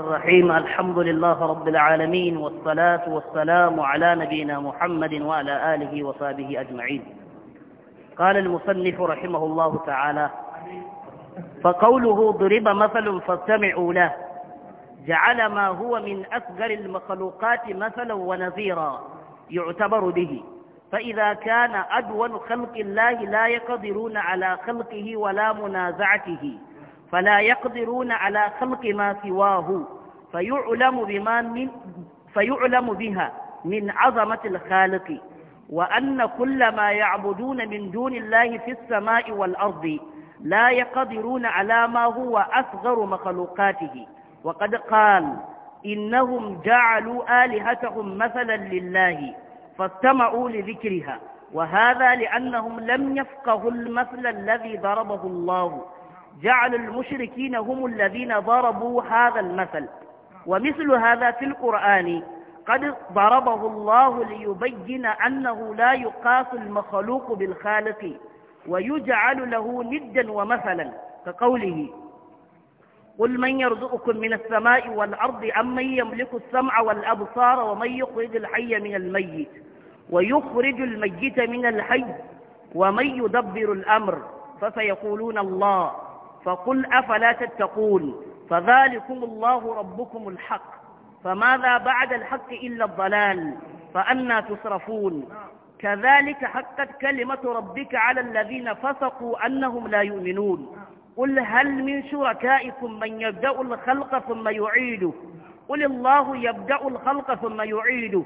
الرحيم الحمد لله رب العالمين والصلاة والسلام على نبينا محمد وعلى آله وصحبه أجمعين قال المصنف رحمه الله تعالى فقوله ضرب مثل فاستمعوا له جعل ما هو من أسجر المخلوقات مثلا ونذيرا يعتبر به فإذا كان أدون خلق الله لا يقدرون على خلقه ولا منازعته فلا يقدرون على خلق ما سواه فيعلم, بما من فيعلم بها من عظمة الخالق وأن كل ما يعبدون من دون الله في السماء والأرض لا يقدرون على ما هو أصغر مخلوقاته وقد قال إنهم جعلوا آلهتهم مثلا لله فاستمعوا لذكرها وهذا لأنهم لم يفقهوا المثل الذي ضربه الله جعل المشركين هم الذين ضربوا هذا المثل ومثل هذا في القرآن قد ضربه الله ليبين أنه لا يقاس المخلوق بالخالق ويجعل له ندا ومثلا كقوله قل من يرزقكم من السماء والأرض أم من يملك السمع والأبصار ومن يخرج الحي من الميت ويخرج الميت من الحي ومن يدبر الأمر فسيقولون الله فقل أفلا تتقون فذلكم الله ربكم الحق فماذا بعد الحق إلا الضلال فأنا تصرفون كذلك حقت كلمة ربك على الذين فسقوا أنهم لا يؤمنون قل هل من شركائكم من يبدأ الخلق ثم يعيده قل الله يبدأ الخلق ثم يعيده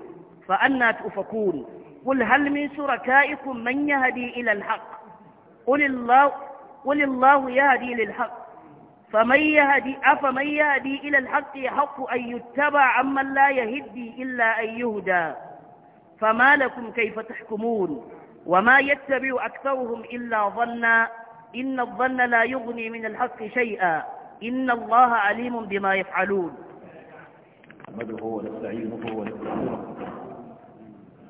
فأنا تؤفكون قل هل من شركائكم من يهدي إلى الحق قل الله قل الله يهدي للحق فمن يهدي أفمن يهدي إلى الحق يحق أن يتبع عمن لا يهدي إلا أن يهدى فما لكم كيف تحكمون وما يتبع أكثرهم إلا ظنا إن الظن لا يغني من الحق شيئا إن الله عليم بما يفعلون نحمده ونستعينه ونستغفره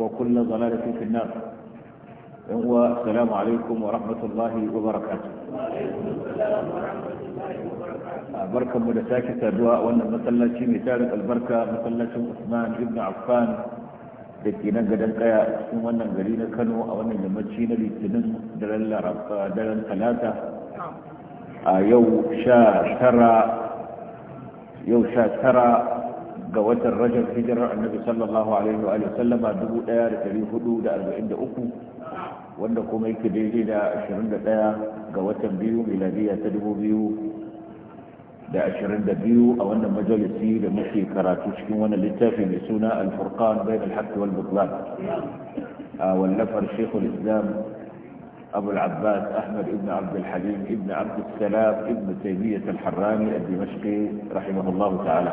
وكل ضلالة في النار والسلام عليكم ورحمة الله وبركاته بركة مدساكة دواء وانا مثلا شي مثالة البركة مثلا شم عثمان ابن عفان دكي نقدا قيا وانا قلينا كانوا وانا نمتشينا لتنم دلالة رب دلالة ثلاثة نعم. آه، يو شا ترى يو شا ترى ga watan rajar hijirar annabi sallallahu alaihi wa sallama 1443 wanda kuma yake daidai da 21 ga watan biyu miladiya ta 2022 a wannan majalisi da muke karatu cikin wani littafi mai suna alfurkan furqan bayan al wal butlan a wallafar shekul islam أبو العباس أحمد بن عبد الحليم بن عبد السلام بن تيمية الحراني الدمشقي رحمه الله تعالى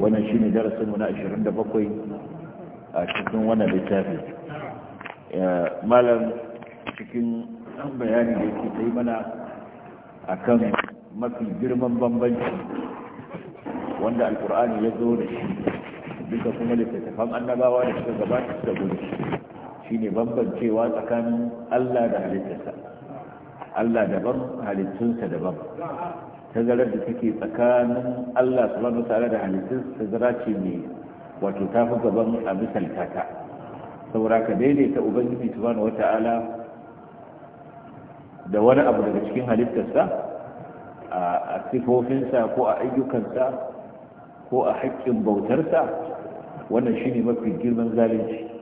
وأنا ونشيني درس مناشر عند بقي أشكتن ونا بتافي مالا شكين بياني لكي تيمنا أكم ما في جرما بمبنج وانا القرآن يزول الشيء بك كمالي أن لا وانا الشيء زبان تتفهم الشيء shine bambancewa tsakanin Allah da halittarsa Allah daban halittunsa daban tazarar da take tsakanin Allah subhanahu wa ta'ala da halittunsa tazara ce mai wato ta fi gaban a misalta ta saboda ka daidaita ubangiji subhanahu wa ta'ala da wani abu daga cikin halittarsa a sifofinsa ko a ayyukansa ko a haƙƙin bautarsa wannan shine mafi girman zalunci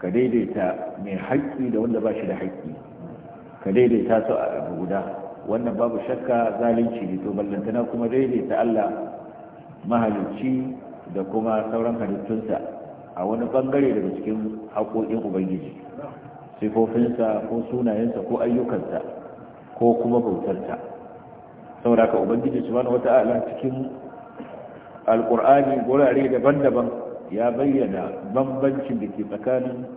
ka daidaita mai haƙƙi da wanda ba shi da haƙƙi ka daidaita su a abu guda wannan babu shakka zalunci ne to ballantana kuma daidaita Allah mahalicci da kuma sauran halittunsa a wani bangare daga cikin haƙoƙin ubangiji sifofinsa ko sunayensa ko ayyukansa ko kuma bautarsa saboda ka ubangiji wata ala cikin alƙur'ani gurare daban-daban ya bayyana bambancin da ke tsakanin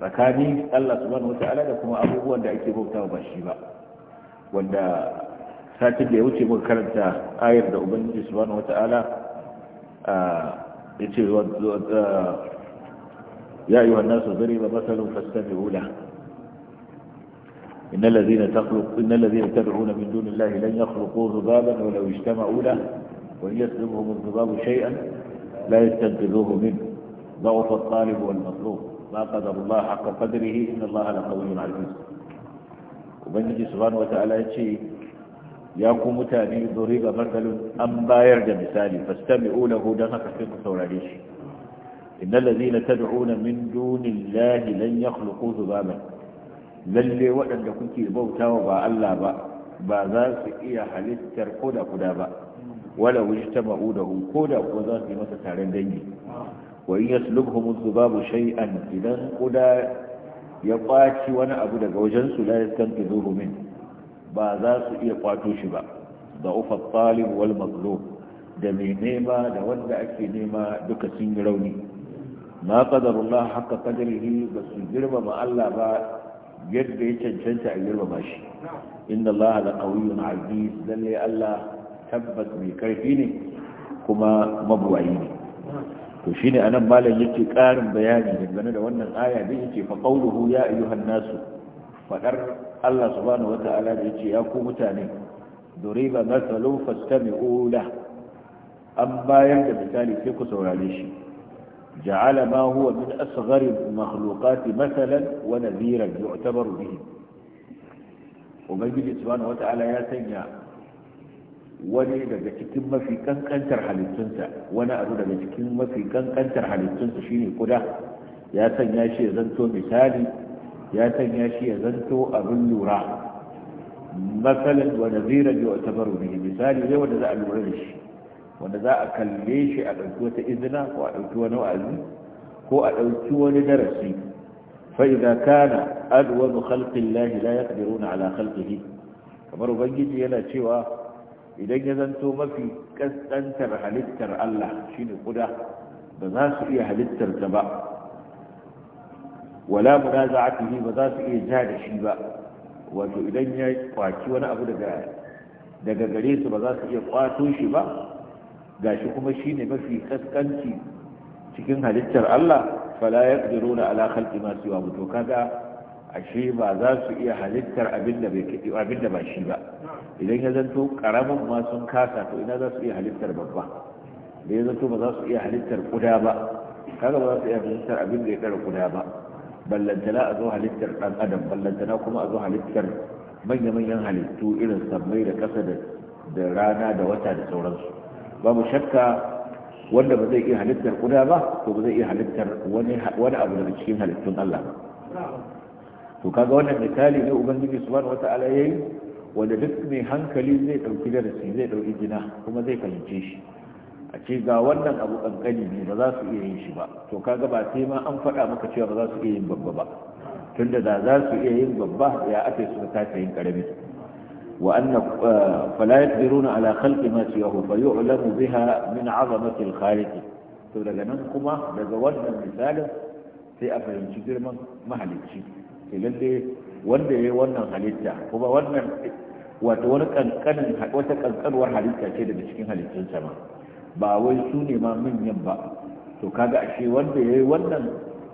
tsakanin Allah subhanahu wata'ala da kuma abubuwan da ake bauta ba shi ba wanda satin da ya wuce muka karanta ayar da ubangiji subhanahu wata'ala ya ce ya yi wannan su zari ba masalin fassabi hula إن الذين تخلق إن الذين تدعون من دون الله لن يخلقوا ذبابا ولو اجتمعوا له وإن يسلبهم الذباب شيئا لا يستنقذوه منه ضعف الطالب والمطلوب ما قدر الله حق قدره إن الله لقوي عزيز وبنجي سبحانه وتعالى ta'ala ya ku mutane zuri ga matsalin an bayar da misali fastami ulahu don haka sai ku saurare shi inna lazina tad'una min dunillahi lan yakhluqu dhubaban lalle waɗanda kuke bautawa ba Allah ba ba za su iya halittar koda kuda ba wala wujta ma'udahu ko da kuwa za su yi masa taron dangi wa in yaslubhum babu shay'an idan kuda ya kwaci wani abu daga wajen su la yastanqidhuhu min ba za su iya kwato shi ba da ufa talib wal da mai nema da wanda ake nema duka sun yi rauni ma qadarullah haka qadarihi ba su girmama Allah ba yadda ya cancanta a girmama shi inna Allah la qawiyyun aziz lalle Allah tabbas mai karfi ne kuma mabuwayi ne to shine anan malam yake ƙarin bayani dangane da wannan aya da yake fa ya yi hannasu. Faɗar Allah subhanahu wataala da yake ya ku mutane salo fasta mai ola an bayar da misali sai ku saurare shi ja'ala ma huwa min asghari makhluqati masalan wa nadhiran yu'tabaru bihi ubangiji subhanahu wataala ya sanya wani daga cikin mafi kankantar halittunsa wani abu daga cikin mafi kankantar halittunsa shine kuda ya sanya shi ya zanto misali ya sanya shi ya zanto abin lura masalan wa naziran yau ta baro bihi misali zai wanda za a lura da shi wanda za a kalle shi a ɗauki wata izina ko a ɗauki wani wa'azi ko a ɗauki wani darasi Fa فإذا كان أدوم خلق الله لا يقدرون على خلقه kamar ubangiji yana cewa idan ya zanto mafi kaskantar halittar Allah ne kuda ba za su iya halittar ta ba wala munaza'atihi ba za su iya ja da shi ba wato idan ya kwaci wani abu daga garesa gare su ba za su iya kwato shi ba Ga shi kuma shine mafi kaskanci cikin halittar Allah fala yaqdiruna ala khalqi ma siwa mutu kaga ashe ba za su iya halittar abin da ba shi ba idan ya zanto karamin ma sun kasa to ina za su iya halittar babba da ya zanto ba za su iya halittar kuda ba kaga ba za su iya halittar abin da ya kara kuda ba ballantana a zo halittar dan adam ballantana kuma a zo halittar manya-manyan halittu irin sammai da ƙasa da rana da wata da sauransu babu shakka wanda ba zai iya halittar kuda ba to ba zai iya halittar wani abu daga cikin halittun Allah ba to kaga wannan misali ne ubangiji subhanahu wata'ala yayi wanda duk mai hankali zai dauki darasi zai dauki gina kuma zai fahimce shi a ce ga wannan abu kankani ne ba za su iya yin shi ba to kaga ba sai ma an faɗa maka cewa ba za su iya yin babba ba tunda da za su iya yin babba ya ake suka kasa yin karami wa anna eh, fala yaqdiruna ala khalqi ma siwahu fa yu'lamu biha min 'azamati al-khaliq to daga nan kuma daga wannan misalin sai a fahimci girman mahalicci ce lalle wanda ya yi wannan halitta kuma wannan wato wani kankanin wata kankanuwar halitta ce daga cikin halittun sama ba wai su ne ma manyan ba to kaga ashe wanda ya yi wannan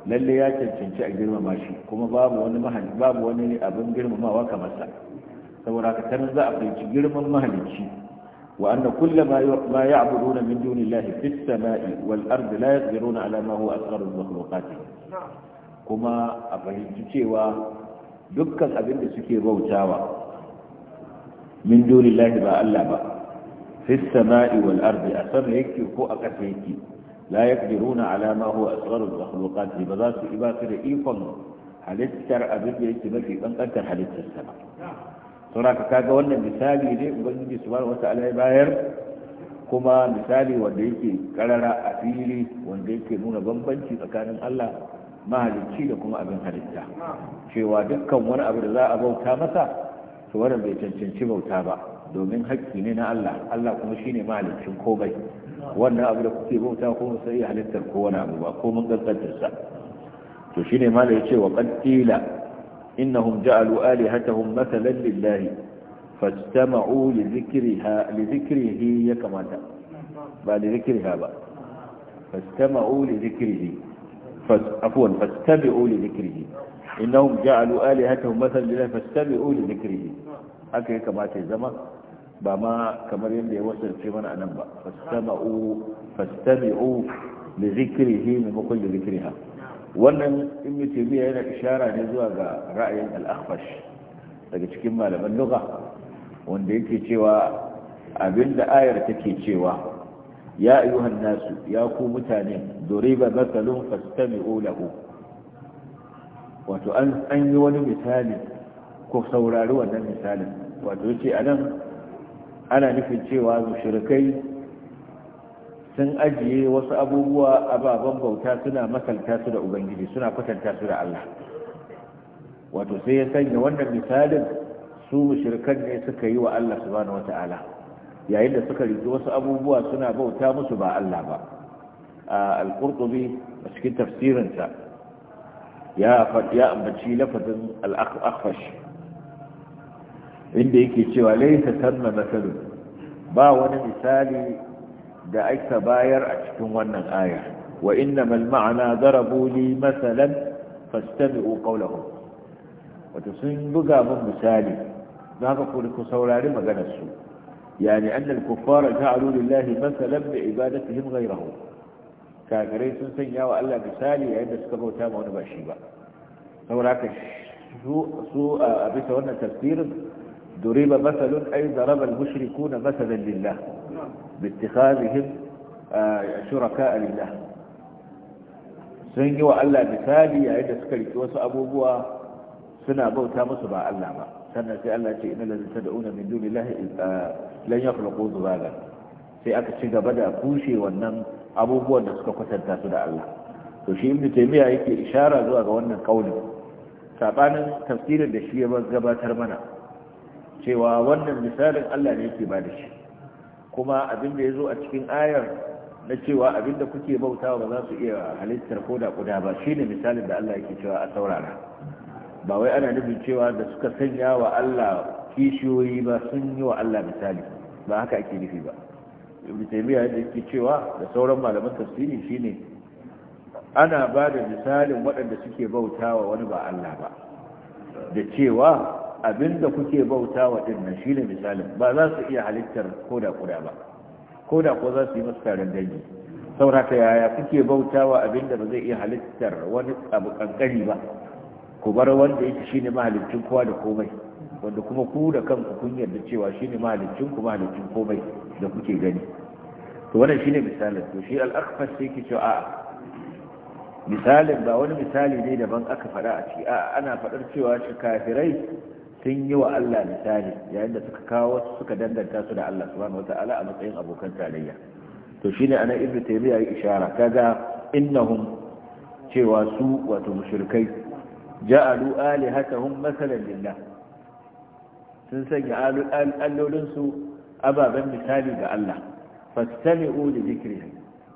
lalle ya cancanci a girmama shi kuma babu wani mahali babu wani abin girmamawa kamar sa saboda ka tanin za a fahimci girman mahalicci wa anna kullu ma ya'buduna min dunillahi fis sama'i wal ardi la yaqdiruna ala ma huwa asgharu makhluqatihi kuma a fahimci cewa dukkan abin da suke bautawa min duni lahi ba Allah ba fi sama'i wal ardi a sama yake ko a ƙasa yake la alama ala a huwa asgharul ba za su iba su da ikon halittar abin da yake mafi kankantar halittar sa ba saboda ka kaga wannan misali ne ubangiji subhanahu wataala ya bayar kuma misali wanda yake karara a fili wanda yake nuna bambanci tsakanin Allah mahalicci da kuma abin halitta cewa dukkan wani abu da za a bauta masa to wani bai cancanci bauta ba domin haƙƙi ne na Allah Allah kuma shine mahaliccin komai wannan abu da kuke bauta ko sai halittar ko wani abu ba ko mun gaggantar sa to shine malai ce wa qad qila إنهم جعلوا آلهتهم مثلا لله فاجتمعوا لذكرها لذكره يكماتا بل لذكرها بقى فاجتمعوا لذكره عفوا فاستمعوا لذكره إنهم جعلوا آلهتهم مثلا لله فاستمعوا لذكره haka ya kamata ya zama ba ma kamar yadda ya wasarce mana a nan ba fastama'u fastami'u li zikrihi maimakon li zikriha wannan ibnu taymiya yana ishara ne zuwa ga ra'ayin al daga cikin malaman lugha wanda yake cewa abinda ayar take cewa ya ayyuhan nasu ya ku mutane duriba matsalun fastami'u lahu wato an yi wani misali ko saurari wannan misalin wato a nan ana nufin cewa mushrikai sun ajiye wasu abubuwa ababen bauta suna masalta su da ubangiji suna kwatanta su da Allah wato sai ya sanya wannan misalin su mushrikan ne suka yi wa Allah subhanahu wata'ala yayin da suka riki wasu abubuwa suna bauta musu ba Allah ba al-qurtubi a cikin tafsirinsa ya ya ambaci lafazin al-akhfash inda yake cewa laysa sanna masalun ba wani misali da aika bayar a cikin wannan aya wa innamal ma'ana darabu li masalan fastami'u qawlahum wato sun buga mun misali zaka ku ku saurari maganar su يعني أن الكفار جعلوا لله مثلا بعبادتهم غيره كاغريس سنسنيا وألا بسالي عند سكبه تام ونبع شيبا فولاك سوء سوء آه، أبي سوى تفسير دريب مثل أي ضرب المشركون مثلا لله باتخاذهم آه، شركاء لله سنسنيا وألا بسالي عند سكبه تام ونبع suna bauta musu ba Allah ba sannan sai Allah ce inna lazina tad'una min dunillahi lan yakhluqu dhubaba sai aka ci gaba da kushe wannan abubuwan da suka kwatanta su da Allah to shi ibnu taymiya yake ishara zuwa ga wannan kaulin sabanin tafsirin da shi ya gabatar mana cewa wannan misalin Allah ne yake ba da shi kuma abin da yazo a cikin ayar na cewa abin da kuke bautawa ba za su iya halittar da kuda ba shine misalin da Allah yake cewa a saurara ba wai ana nufin cewa da suka sanya wa Allah kishiyoyi ba sun yi wa Allah misali ba haka ake nufi ba ibn taymiya da yake cewa da sauran malaman tafsiri shine ana ba da misalin waɗanda suke bautawa wani ba Allah ba da cewa abinda kuke bautawa din nan shine misalin ba za su iya halittar koda kuda ba koda ko za su yi masa taron dangi ta yaya kuke bautawa abinda ba zai iya halittar wani abu kankani ba ku bar wanda yake shine mahalicin kowa da komai wanda kuma ku da kanku kun yarda cewa shine mahalicin ku mahalicin komai da kuke gani to wannan shine misalin to shi al-akhfas sai ki cewa a'a misalin ba wani misali ne daban aka fada a ciki a'a ana fadar cewa shi kafirai sun yi wa Allah misali yayin da suka kawo wasu suka danganta su da Allah subhanahu wata'ala a matsayin abokan tarayya to shine anan ibnu taymiya ya ishara kaga innahum cewa su wato mushrikai ja'alu alihatahum masalan lillah sun sanya allolinsu ababen misali ga Allah fastami'u li dhikrihi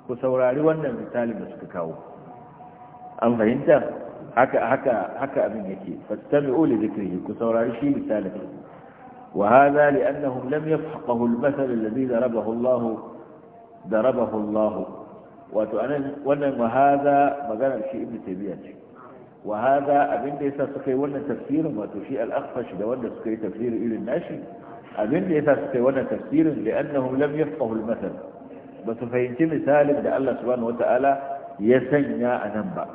ku saurari wannan misalin da suka kawo an fahimta haka haka haka abin yake fastami'u li dhikrihi ku saurari shi misalin وهذا لأنهم لم يفحقه المثل الذي ضربه الله ضربه الله وأنا وهذا مجال الشيء ابن تيمية wa hada abin da yasa suka yi wannan tafsirin wato shi al-akhfash da wanda suka yi tafsirin irin nashi abin da yasa suka yi wannan tafsirin li'annahum lam yafqahu al-mathal ba su fahimci misalin da Allah subhanahu wata'ala ya sanya a nan ba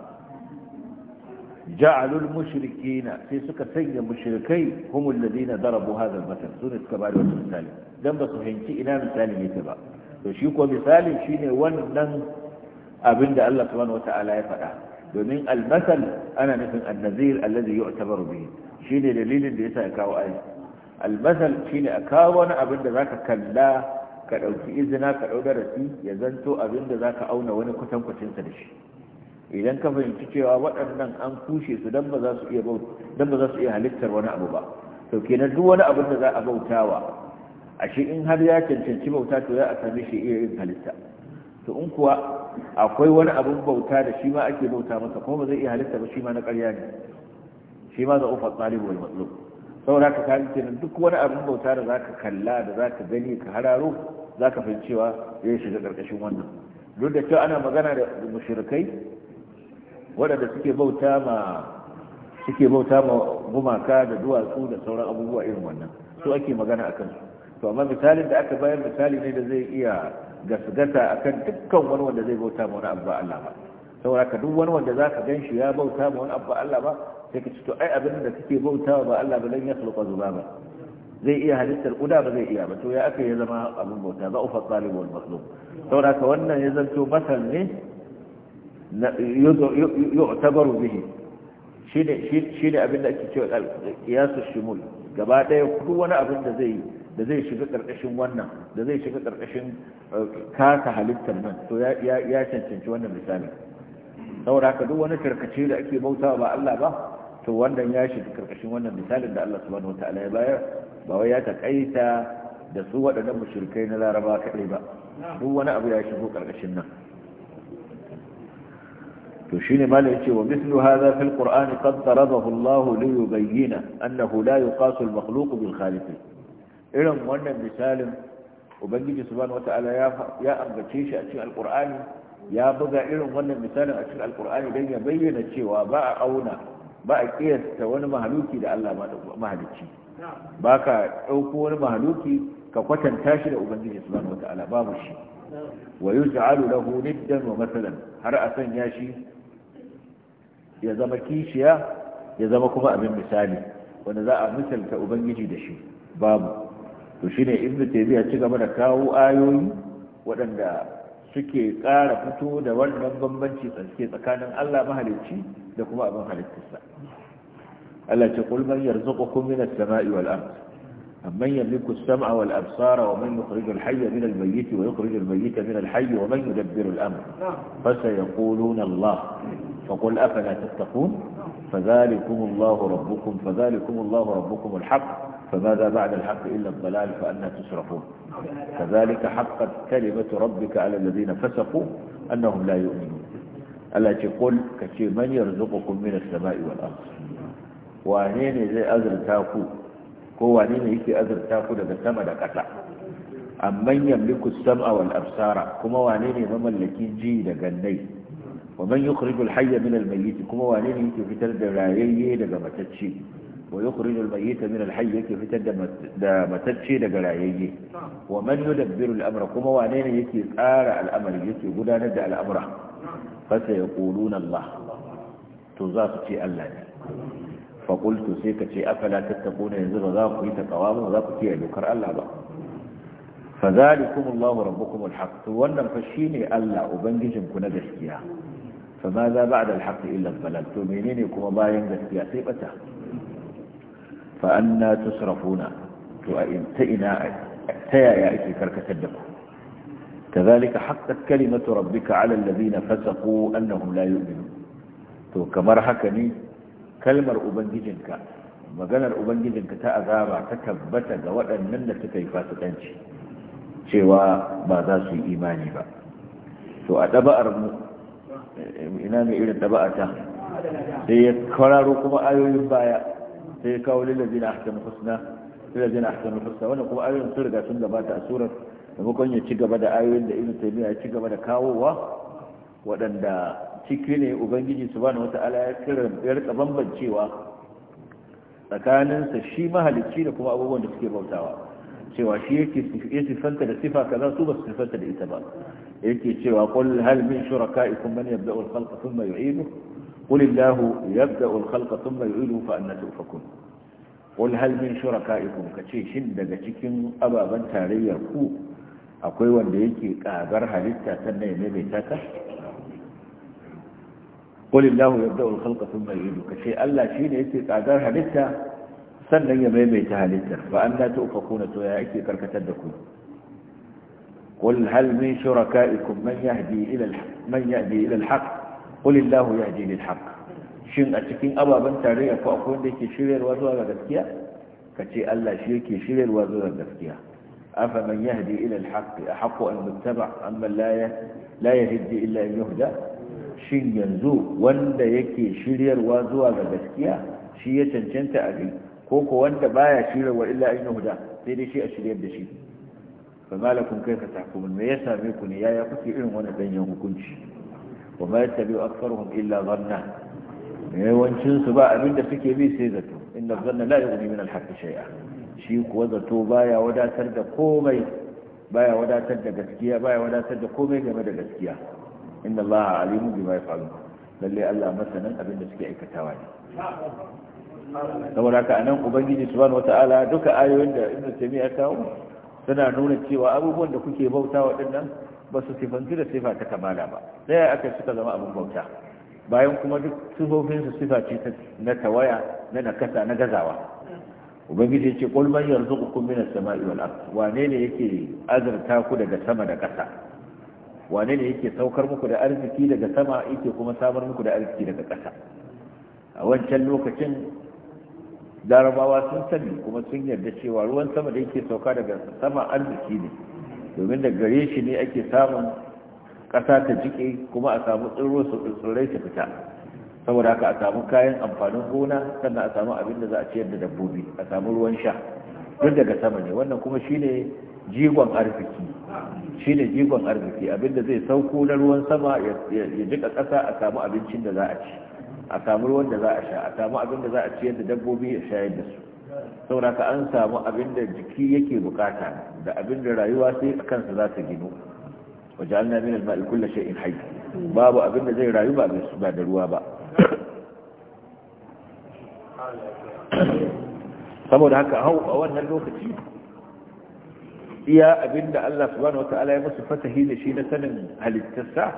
ja'alul mushrikina sai suka sanya mushrikai humul ladina darabu hadha al-mathal sun suka bada wannan misali dan ba su fahimci ina misalin yake ba to shi ko misalin shine wannan abin da Allah subhanahu wata'ala ya faɗa domin almasal ana nufin annazir allazi yu'tabaru bihi shine dalilin da yasa ya kawo aya almasal shine a kawo wani abin da zaka kalla ka dauki izina ka dau darasi ya zanto abin da zaka auna wani kutan sa da shi idan ka fahimci cewa waɗannan an kushe su dan ba za su iya dan ba za su iya halittar wani abu ba to kenan duk wani abin da za a bautawa ashe in har ya cancanci bauta to za a same shi iya yin halitta to in kuwa akwai wani abin bauta da shi ma ake bauta masa kuma zai iya halitta ba shi ma na ƙarya ne shi ma za ufa tsalibu wal matlub saboda ka kaji kenan duk wani abin bauta da zaka kalla da zaka gani ka hararo zaka cewa ya shiga ƙarƙashin wannan duk da cewa ana magana da mushrikai waɗanda suke bauta ma suke bauta ma gumaka da duwatsu da sauran abubuwa irin wannan su ake magana akan su to amma misalin da aka bayar misali ne da zai iya gasgata akan dukkan wani wanda zai bauta ma wani abba Allah ba saboda ka duk wani wanda zaka ganshi ya bauta ma wani abba Allah ba sai ka ci to ai abin da kake bauta ba Allah ba lan yakhluqa zubaba zai iya halittar kuda ba zai iya ba to ya aka ya zama abin bauta za ufa talib wal mazlum saboda ka wannan ya zanto basal ne yu'tabaru bihi shine shine abin da ake cewa qiyasus shumul gaba daya duk wani abin da zai yi da zai shiga ƙarƙashin wannan da zai shiga ƙarƙashin eh, kasa halittar nan to ya cancanci wannan misali saboda haka duk wani karkace da ake bautawa ba Allah ba to wannan ya shiga ƙarƙashin wannan misalin da Allah subhanahu wataala ya bayar ba wai ya takaita da su waɗannan mushrikai na Laraba kaɗai ba duk wani abu ya shigo ƙarƙashin nan to shine malai yace wa mislu hadha fil qur'ani qad darabahu Allah li yubayyana annahu la yuqasu al makhluq bil khaliq irin wannan misalin ubangiji subhanahu wata'ala ya ambace shi a cikin alkur'ani ya buga irin wannan misalin a cikin alkur'ani don ya bayyana cewa ba a auna ba a kiyasta wani mahaluki da Allah mahalicci ba ka ɗauko wani mahaluki ka kwatanta shi da ubangiji subhanahu wata'ala babu shi wa yuj'alu lahu niddan wa masalan har a sanya shi ya zama kishiya ya zama kuma abin misali wanda za a misalta ubangiji da shi babu to shi shine ibnu taymiya ci gaba da kawo ayoyi waɗanda suke ƙara fito da wannan bambanci tsaske tsakanin Allah mahalicci da kuma abin halittarsa Allah ce kul man yarzuqukum min samai wal ard amman yamliku as-sam'a wal absara wa man yukhriju al-hayya min al-mayyit wa yukhriju al min al-hayy wa man yudabbiru al-amr fa sayaquluna Allah فقل أفلا تتقون فذلكم الله ربكم فذلكم الله ربكم الحق فماذا بعد الحق إلا الضلال فأنا تسرفون كذلك حقت كلمة ربك على الذين فسقوا أنهم لا يؤمنون ألا تقول كشي من يرزقكم من السماء والأرض وانين زي أذر تاكو وانين يكي أذر تاكو لذا سمى لكتا أمن يملك السمع والأبصار كما وانين مملكي جي لغني ومن يخرج الحي من الميت كما وانين يكي فتر درايي لغمتتشي wa yukhrijul mayyita min al-hayy yake fitar da matacce daga rayayye wa man yudabbiru al kuma wane ne yake tsara al'amari yake gudanar da al'amura fa sayaquluna Allah to za su ce Allah ne fa qultu sai ka ce afala yanzu ba za ku yi takawa ba za ku kiyaye dokar Allah ba fa zalikum Allah rabbukum al-haq to wannan fa shine Allah ubangijinku na gaskiya fa ma za ba'da al-haq illa al to menene kuma bayan gaskiya sai bata fa'anna sarafuna, to a ta ina ta yaya ake karkatar da ku كذلك حقت كلمة ربك على الذين فسقوا أنهم لا يؤمنون to kamar haka ne kalmar ubangijinka maganar ubangijinka ta azaba ta tabbata ga waɗannan da suka yi fasikanci cewa ba za su yi imani ba to a ɗaba'ar mu ina mai irin ɗaba'ata sai ya kwararo kuma ayoyin baya sai ya kawo lillazina ahsanu husna lillazina ahsanu husna wannan kuma ayoyin sun riga sun gabata a surar maimakon ya ci gaba da ayoyin da ibnu taymiya ya ci gaba da kawowa waɗanda ciki ne ubangiji subhanahu wata'ala ya kira ya rika bambancewa tsakaninsa shi mahalicci da kuma abubuwan da suke bautawa cewa shi yake sifanta da sifa kaza su ba su sifanta da ita ba yake cewa qul hal min shuraka'ikum man yabda'u al-khalqa thumma yu'iduhu قل الله يبدا الخلق ثم يعيده فانا توفكون قل هل من شركائكم كشي شن daga cikin ababan tarayyar ku akwai wanda yake kagar halitta sannan ya mai taka قل الله يبدا الخلق ثم يعيده كشي الله shine yake kagar halitta sannan ya maimaita ta halitta fa anna tufakuna to ya karkatar da ku قل هل من شركائكم من يهدي الى من يهدي الى qulillahu ya lil haqq shin a cikin ababen tarayya ko akwai wanda yake shiryarwa zuwa ga gaskiya Ka ce Allah shi yake shiryarwa zuwa ga gaskiya afa man yahdi ila al a ahqqu an yuttaba amma la la yahdi illa an yuhda shin yanzu wanda yake shiryarwa zuwa ga gaskiya shi ya cancanta a ko ko wanda baya shiryarwa illa an yuhda sai dai shi a shiryar da shi fa malakum kaifa tahkumun me ya same ku ne yaya kuke irin wannan danyen hukunci kuma ya ma yattabi'u aktharuhum illa dhanna yawancin su ba abin da suke bi sai zato inna dhanna la yughni min al-haqqi shay'a shi kuwa zato baya wadatar da komai baya wadatar da gaskiya baya wadatar da komai game da gaskiya inna allaha alimun bima yaf'alun lalle Allah masanin abin da suke aikatawa ne saboda haka anan ubangiji subhanahu wata'ala duka ayoyin da ibnu taymiya ya kawo tana nuna cewa abubuwan da kuke bauta waɗannan ba su sifanci da sifa ta kamala ba sai aka suka zama abin bauta bayan kuma duk su sifa ce na tawaya na nakasa na gazawa ubangiji ce qul yanzu yarzuqukum min as-sama'i wal ard wane ne yake azurta ku daga sama da ƙasa wane ne yake saukar muku da arziki daga sama yake kuma samar muku da arziki daga ƙasa a wancan lokacin larabawa sun sani kuma sun yarda cewa ruwan sama da yake sauka daga sama arziki ne domin da gare shi ne ake samun ƙasa ta jike kuma a samu su tsirrai su fita saboda haka a samu kayan amfanin gona sannan a samu abin da za a ciyar da dabbobi a samu ruwan sha duk daga sama ne wannan kuma shine jigon arziki shine jigon arziki abin da zai sauko na ruwan sama ya jika ƙasa a samu abincin da za a ci a samu ruwan da za a sha a samu abin da za a ciyar da dabbobi ya shayar da su saboda ka an samu abin da jiki yake bukata da abin da rayuwa sai a kansa za ta ginu waje an nami da ma'i kulla sha'in hai babu abin da zai rayu ba da ruwa ba saboda haka hau a wannan lokaci iya abin da Allah subhanahu wata'ala ya masu fatahi da shi na sanin halittarsa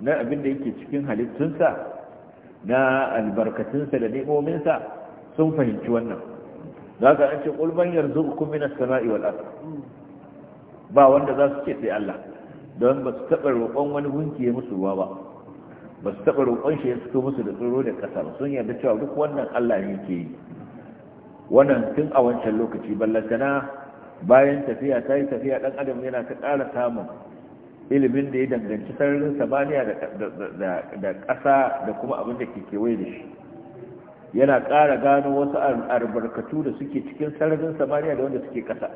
na abin da yake cikin halittunsa na albarkatunsa da nemominsa sun fahimci wannan za ka ce ƙulman yanzu hukumin sana'i wa ard ba wanda za su ce sai Allah don ba su taɓa roƙon wani gunki ya musu ruwa ba ba su taɓa roƙon shi ya fito musu da tsoro da ƙasa sun yarda cewa duk wannan Allah ne ke yi wannan tun a wancan lokaci ballantana bayan tafiya ta yi tafiya ɗan adam yana ta ƙara samun ilimin da ya danganci sararin samaniya da ƙasa da kuma abin da ke kewaye da shi yana ƙara gano wasu albarkatu da suke cikin sararin samaniya da wanda suke ƙasa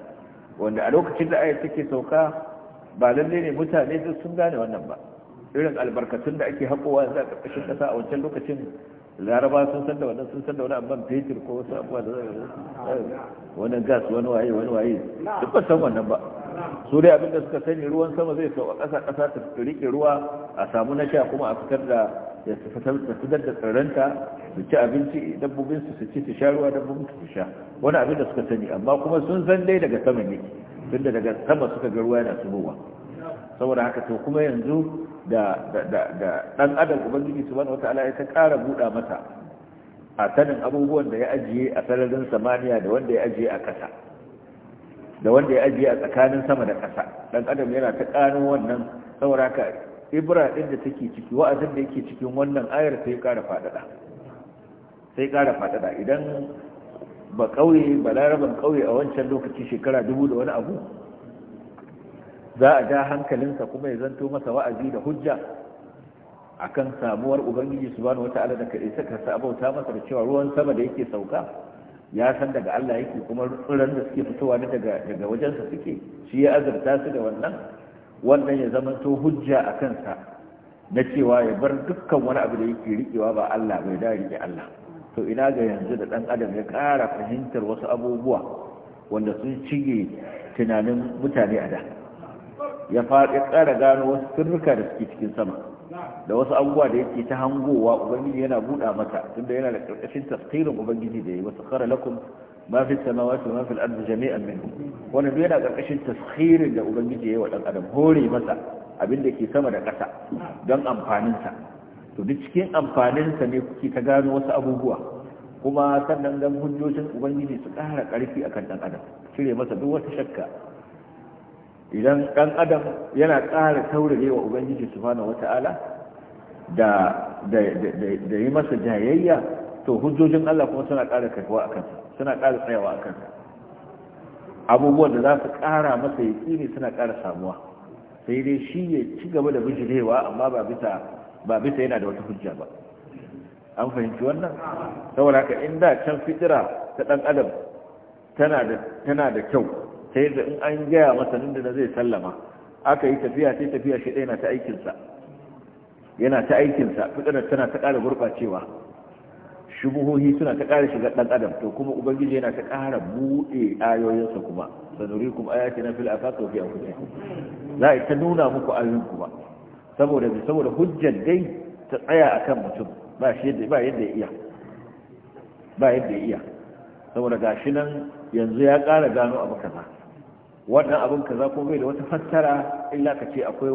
wanda a lokacin da ayat take sauka ba lalle ne mutane duk sun gane wannan ba irin albarkatun da ake haƙowa yanzu a ƙarƙashin ƙasa a wancan lokacin laraba sun san da wannan sun san da wani abban fetur ko wasu abubuwa da zai wani gas wani waye wani waye duk ba san wannan ba su dai abinda suka sani ruwan sama zai sauka ƙasa ƙasa ta rike ruwa a samu na sha kuma a fitar da ya fitar da tsaranta su ci abinci dabbobin su su ci su sha ruwa dabbobin su sha wani abin da suka sani amma kuma sun san dai daga sama ne tunda daga sama suka ga ruwa yana tsubowa saboda haka to kuma yanzu da dan adam ubangiji su bani wata'ala ya ta kara buɗa mata a sanin abubuwan da ya ajiye a sararin samaniya da wanda ya ajiye a ƙasa da wanda ya ajiye a tsakanin sama da ƙasa dan adam yana ta ƙano wannan saura ka ibra din da take ciki wa'azin da yake cikin wannan ayar sai ƙara faɗaɗa sai ƙara faɗaɗa idan ba ƙauye ba laraban ƙauye a wancan lokaci shekara dubu da wani abu za a ja hankalinsa kuma ya zanto masa wa'azi da hujja akan samuwar ubangiji subhanahu wata'ala da kai isa ka sabauta masa da cewa ruwan sama da yake sauka ya san daga Allah yake kuma tsiran da suke fitowa ne daga daga wajensa suke shi ya azurta su da wannan wannan ya zama to hujja a kansa na cewa ya bar dukkan wani abu da yake riƙewa ba Allah bai da riƙe Allah to ina ga yanzu da ɗan adam ya kara fahimtar wasu abubuwa wanda sun cige tunanin mutane a da ya faɗi gano wasu turuka da suke cikin sama da wasu abubuwa da yake ta hangowa ubangiji yana buɗa mata tunda yana da ƙarƙashin tafsirin ubangiji da ya wasu kara lakum ma fi samawati ma fi al'adu jami'an min wannan duk yana ƙarƙashin tafsirin da ubangiji ya yi wa ɗan adam hore masa abin da ke sama da ƙasa don amfaninsa to duk cikin amfaninsa ne kuke ta gano wasu abubuwa kuma sannan don hujjojin ubangiji su ƙara ƙarfi akan ɗan adam cire masa duk wata shakka idan ɗan adam yana ƙara taurare wa ubangiji subhanahu wata'ala da ta'ala, da yi masa jayayya to hujjojin Allah kuma suna ƙara a kansa, suna ƙara tsayawa a kansa. abubuwan da za su ƙara masa ya ne suna ƙara samuwa sai dai shi ya ci gaba da bijirewa amma ba bisa yana da wata hujja ba an fahimci wannan saboda haka in da can fitira ta ɗan adam tana da kyau ta yadda in an gaya masa nan da zai sallama aka yi tafiya sai tafiya shi ɗaya na ta aikinsa yana ta aikinsa fitarar tana ta ƙara gurɓacewa shubuhohi suna ta ƙara shiga ɗan adam to kuma ubangiji yana ta ƙara buɗe ayoyinsa kuma sanuri kuma ce na fil aka wa fi anfusikum za a ta nuna muku ayoyin kuma saboda saboda hujjar dai ta tsaya a kan mutum ba shi yadda ba yadda ya iya ba yadda ya iya saboda gashi nan yanzu ya ƙara gano abu kaza wannan abin kaza ko bai da wata fassara illa ka ce akwai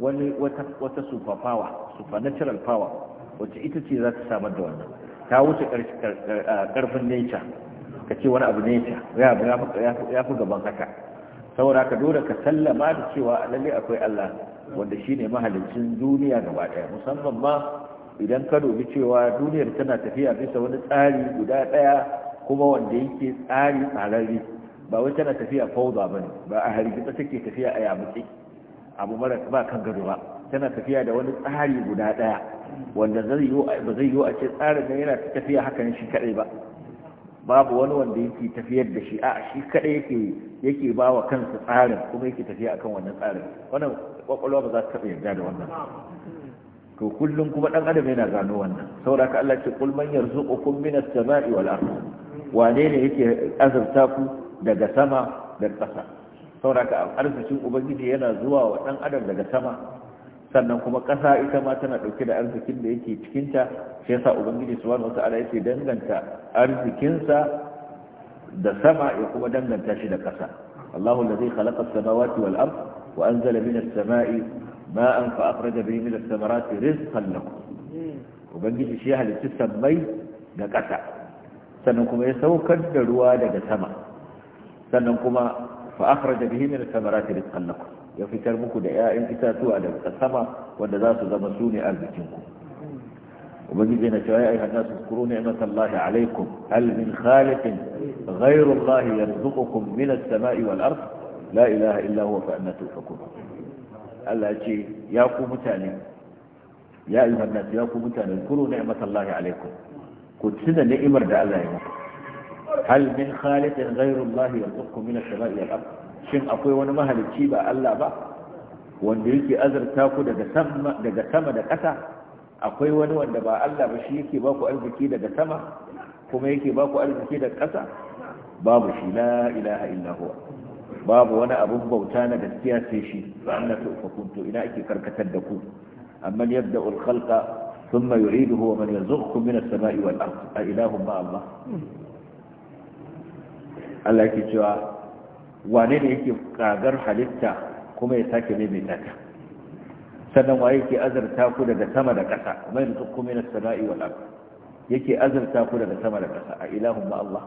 wani wata superpower supernatural power wacce ita ce za ta samar da wannan ta wuce karfin nature ka ce wani abu nature ya fi gaban haka saboda ka dole ka sallama da cewa lalle akwai Allah wanda shine mahalicin duniya gaba daya musamman ma idan ka dubi cewa duniyar tana tafiya bisa wani tsari guda daya kuma wanda yake tsari tsararri ba wai tana tafiya fauda ba ne ba a hargitsa take tafiya a yamutse abu mara ba kan gado ba tana tafiya da wani tsari guda daya wanda ba zai yiwu a ce tsarin da yana tafiya haka ne shi kadai ba babu wani wanda yake tafiyar da shi a shi kadai yake yake ba wa kansa tsarin kuma yake tafiya akan wannan tsarin wannan kwakwalwa ba za ta taɓa yarda da wannan to kullum kuma dan adam yana gano wannan saboda ka Allah ce kul man yarzuqukum minas sama'i wal ard wane ne yake azurta ku daga sama da ƙasa ka arzikin ubangiji yana zuwa wa ɗan adam daga sama sannan kuma ƙasa ita ma tana ɗauke da arzikin da yake cikinta shi yasa ubangiji subhanahu wata'ala yake danganta arzikinsa da sama ya kuma danganta shi da ƙasa Allahu allazi khalaqa as-samawati wal ard wa anzala as samai ma'an fa akhraja bihi as samarati rizqan lakum ubangiji shi halitta sammai da ƙasa sannan kuma ya saukar da ruwa daga sama sannan kuma fa akhraja bihi min thamarati rizqan lakum ya fitar muku da 'ya'yan itatuwa daga sama wanda za su zama su ne arzikinku ubangiji na cewa ya ayyuhan nasu kuru ni'matallahi alaikum hal min khaliqin ghayru allah yarzuqukum min as-sama'i wal ard la ilaha illa huwa fa anna tufakun Allah ce ya ku mutane ya ayyuhan nasu ya ku mutane kuru ni'matallahi alaikum ku tuna ni'imar da Allah ya muku hal min khaliqin ghayru Allah yarzuqukum min as shin akwai wani mahalicci ba Allah ba wanda yake azurta ku daga sama daga da ƙasa akwai wani wanda ba Allah ba shi yake ba arziki daga sama kuma yake ba arziki daga ƙasa babu shi la ilaha illa huwa babu wani abun bauta na gaskiya sai shi fa anna tufakuntu ina ake karkatar da ku amma yabda'ul khalqa ثم يعيده ومن يرزقكم من السماء والأرض أإله مع الله Allah yake cewa wane ne yake kagar halitta kuma ya sake maimaita ta sannan waye yake azurta ku daga sama da ƙasa kuma yanzu kuma na sana'i wal ard yake azurta ku daga sama da ƙasa a ilahun ma Allah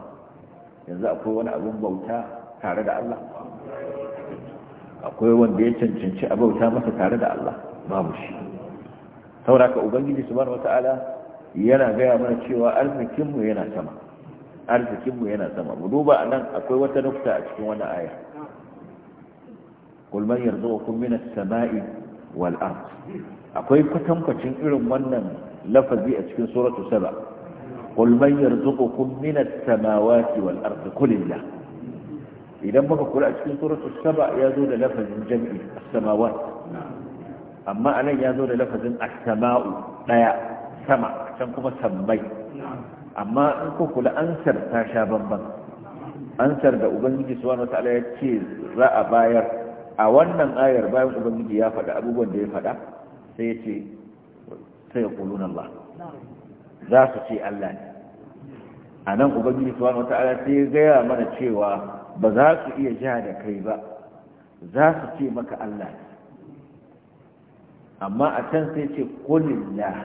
yanzu akwai wani abun bauta tare da Allah akwai wanda ya cancanci a bauta masa tare da Allah babu shi sauraka ubangiji subhanahu wataala yana gaya mana cewa arzikinmu yana sama arzikinmu yana sama mu duba a nan akwai wata nufta a cikin wani aya kulman Yanzu wa kummina sama'i wal ard akwai kwatankwacin irin wannan lafazi a cikin suratu saba kulman Yanzu wa kummina samawati wal ard kulillah idan muka kula a cikin suratu saba ya zo da lafazin jam'i samawat amma a nan ya zo da lafazin as-sama'u ɗaya sama can kuma sammai amma in ko kula ansar ta sha bamban ansar da ubangiji subhanahu ta'ala ya ce za a bayar a wannan ayar bayan ubangiji ya faɗa abubuwan da ya faɗa sai ya ce sai ya nan ba za su ce Allah ne a nan ubangiji subhanahu ta'ala sai ya gaya mana cewa ba za su iya ja da kai ba za su ce maka Allah ne amma a can sai ce kulillah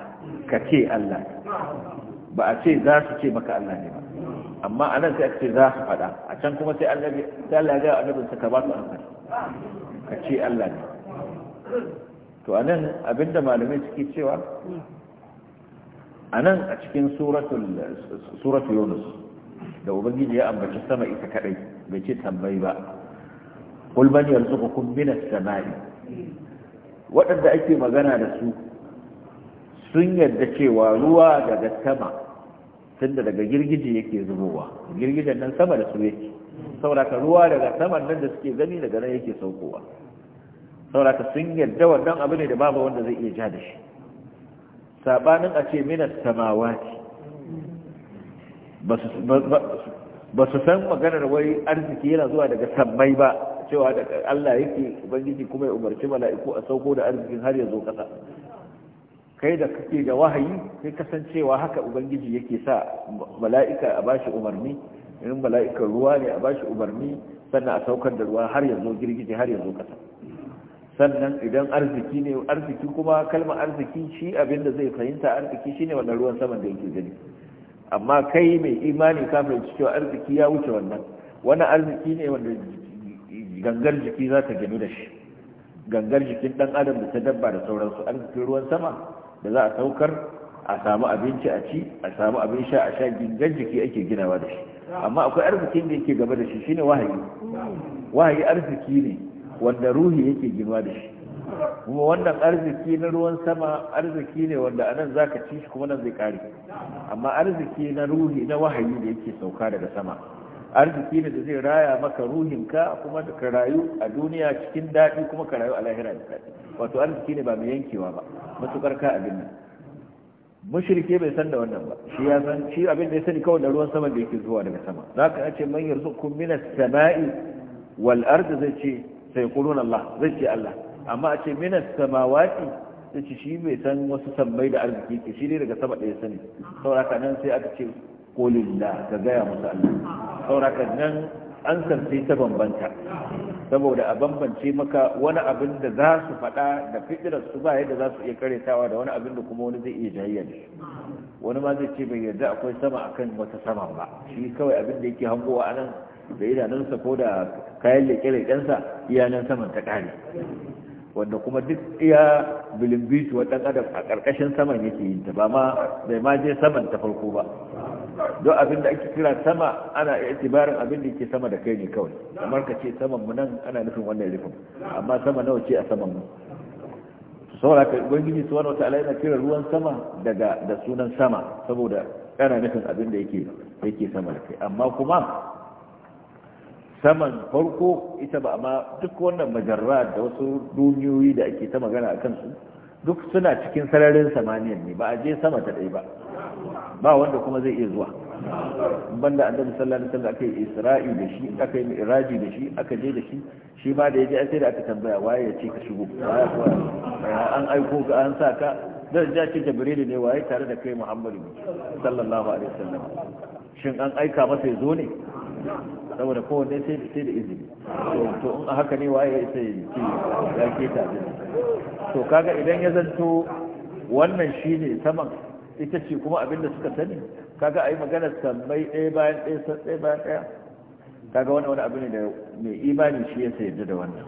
ka ce Allah ba a ce za su ce maka Allah ne ba amma a nan sai aka ce za su faɗa a can kuma sai annabi sai Allah ya ga annabin sa ka ba su amsa ka ce Allah ne to a nan abinda malamai suke cewa a nan a cikin suratul yunus da ubangiji ya ambaci sama ita kadai bai ce tambayi ba qul man yarzuqukum min as-sama'i waɗanda ake magana da su sun yarda cewa ruwa daga sama tunda daga girgije yake zubowa girgijen nan sama da su yake sauraka ruwa daga saman nan da suke gani daga nan yake saukowa sauraka sun yadda wannan abu ne da babu wanda zai iya ja da shi sabanin a ce minas samawati ba su san maganar wai arziki yana zuwa daga sammai ba cewa da Allah yake ubangiji kuma ya umarci mala'iku a sauko da arzikin har ya zo kasa kai da kake da wahayi sai kasancewa haka ubangiji yake sa mala'ika a bashi umarni irin mala'ikan ruwa ne a bashi umarni sannan a saukar da ruwa har yanzu girgije har yanzu kasa sannan idan arziki ne arziki kuma kalmar arziki shi abin da zai fahimta arziki shine wannan ruwan saman da yake gani amma kai mai imani ka fahimci cewa arziki ya wuce wannan wani arziki ne wanda gangar jiki za ta gani da shi gangar jikin dan adam da ta dabba da sauransu arzikin ruwan sama da za a saukar a samu abinci a ci a samu abin sha a sha gingan jiki ake ginawa da shi amma akwai arzikin da yake gaba da shi shine wahayi wahayi arziki ne wanda ruhi yake ginawa da shi kuma wannan arziki na ruwan sama arziki ne wanda a nan zaka ci shi kuma nan zai kare amma arziki na ruhi na wahayi da yake sauka daga sama arziki ne da zai raya maka ruhinka kuma ka rayu a duniya cikin daɗi kuma ka rayu a lahira da daɗi wato arziki ne ba mai yankewa ba matukar ka abin nan mushrike bai san da wannan ba shi ya san shi abin da ya sani kawai da ruwan sama da yake zuwa daga sama za zaka ce man yarzuqukum minas sama'i wal ardi zai ce sai qulun Allah zai ce Allah amma a ce minas samawati sai ce shi bai san wasu sammai da arziki ke shi ne daga sama da ya sani sauraka nan sai aka ce qulillah ka gaya musu Allah sauraka nan an san sai ta bambanta saboda a bambance maka wani abin da za su faɗa da fitirar su ba yadda za su iya karetawa da wani abin da kuma wani zai iya jayayya da wani ma zai ce bai yarda akwai sama akan wata sama ba shi kawai abin da yake hangowa a nan da idanunsa ko da kayan leƙe-leƙensa nan saman ta ƙare wanda kuma duk iya bilimbitu wa ɗan adam a ƙarƙashin saman yake yin ta ba ma bai ma je saman ta farko ba don abin da ake kira sama ana itibarin abin da ke sama da kai ne kawai kamar ka ce saman mu nan ana nufin wannan rufin amma sama nawa ce a saman mu saboda ka ubangiji subhanahu wataala yana kira ruwan sama daga da sunan sama saboda ana nufin abin da yake yake sama da kai amma kuma saman farko ita ba amma duk wannan majarra da wasu duniyoyi da ake ta magana a kansu duk suna cikin sararin samaniyar ne ba a je sama ta ɗai ba ba wanda kuma zai iya zuwa banda annabi sallallahu alaihi wasallam akai isra'i da shi akai miraji da shi aka je da shi shi ma da yaje sai da aka tambaya waye ya ce ka shigo an aiko ka an sa ka dan ja ce jibril ne waye tare da kai muhammadu sallallahu alaihi wasallam shin an aika masa ya zo ne saboda kowanne sai sai da izini to in haka ne waye ya sai ya ke ta to kaga idan ya zanto wannan shine saman ita ce kuma abin da suka sani kaga a yi magana sammai ɗaya bayan ɗaya san ɗaya bayan ɗaya kaga wani wani abin da mai imani shi ya sayar da wannan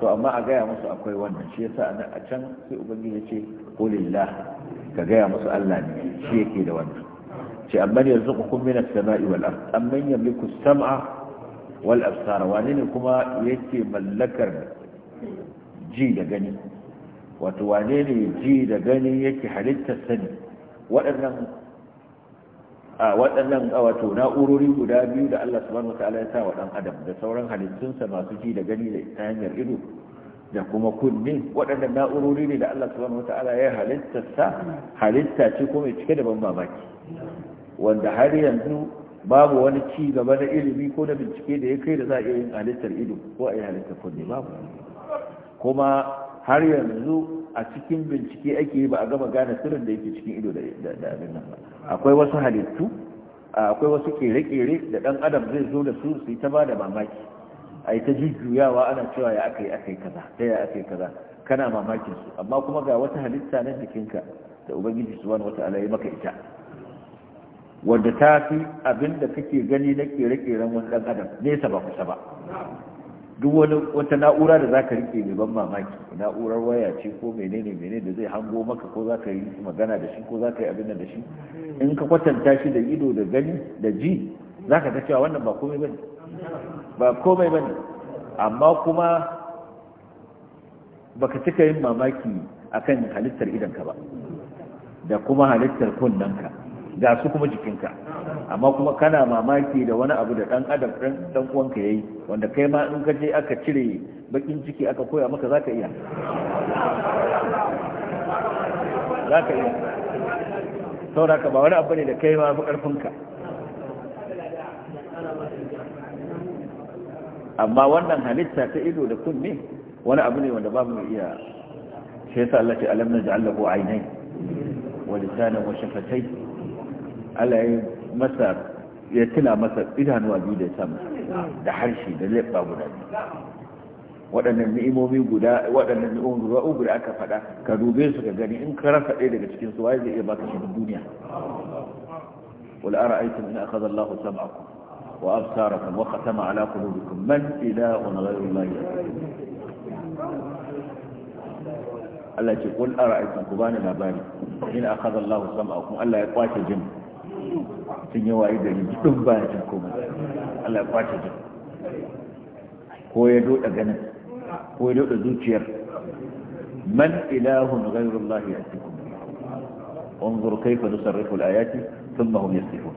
to amma a gaya musu akwai wannan shi yasa a a can sai ubangiji ya ce qulillah ka gaya musu Allah ne shi yake da wannan ce amma yanzu ku kun minas sama'i wal ard amma yamliku sam'a wal absara wani ne kuma yake mallakar ji da gani wato wane ne ji da gani yake halittar sani waɗannan a wato na'urori guda biyu da Allah subhanahu wataala ya sa wa ɗan adam da sauran halittunsa masu ji da gani da ta hanyar ido da kuma kunne waɗannan na'urori ne da Allah subhanahu wataala ya sa halitta ce kuma cike da ban mamaki wanda har yanzu babu wani ci gaba na ilimi ko na bincike da ya kai da za a iya yin halittar ido ko a yi halittar kunni babu kuma har yanzu a cikin bincike ake yi ba a gama gane sirrin da yake cikin ido da abin nan akwai wasu halittu akwai wasu kere-kere da dan adam zai zo da su su ta ba da mamaki a yi ta jujjuyawa ana cewa ya aka yi aka yi kaza ta ya aka yi kaza kana mamakin su amma kuma ga wata halitta na jikinka da ubangiji su wani wata ya maka ita wanda ta fi abin da kake gani na kere-keren wani dan adam nesa ba kusa ba duk wani wata na'ura da zaka rike mai ban mamaki na'urar waya ce ko menene menene da zai hango maka ko zaka yi magana da shi ko zaka yi abin da shi in ka kwatanta shi da ido da gani da ji zaka ta cewa wannan ba komai bane ba komai bane amma kuma baka cika yin mamaki akan halittar idanka ba da kuma halittar kunnanka ga su kuma jikinka amma kuma kana mamaki da wani abu da dan adam dan dan uwanka yayi wanda kai ma in ka je aka cire bakin ciki aka koya maka zaka iya zaka iya saboda ba wani abu ne da kai ma fi ka amma wannan halitta ta ido da kunne wani abu ne wanda babu mai iya shi yasa Allah ce alam naj'al lahu aynayn wa lisanan wa shafatay Allah ya masa ya tila masa idanuwa biyu da sama da harshe da leɓa guda waɗannan ni'imomi guda waɗannan ni'imomi guda uku da aka faɗa ka dube su ka gani in ka rasa ɗaya daga cikin su waye zai iya baka shirin duniya wal ara'aytum in akhadha Allahu sam'akum wa absarakum wa khatama ala qulubikum man ilahun ghayru Allah Allah ce kul ara'aytum ku bani labari in Allahu sam'akum Allah ya kwace jin sun yi waye gari duk baya cin komai Allah ya kwace jin ko ya doda ganin ko ya doda zuciyar man ilahun ghayrullah yatikum انظر كيف نصرف الايات ثم هم يصرفون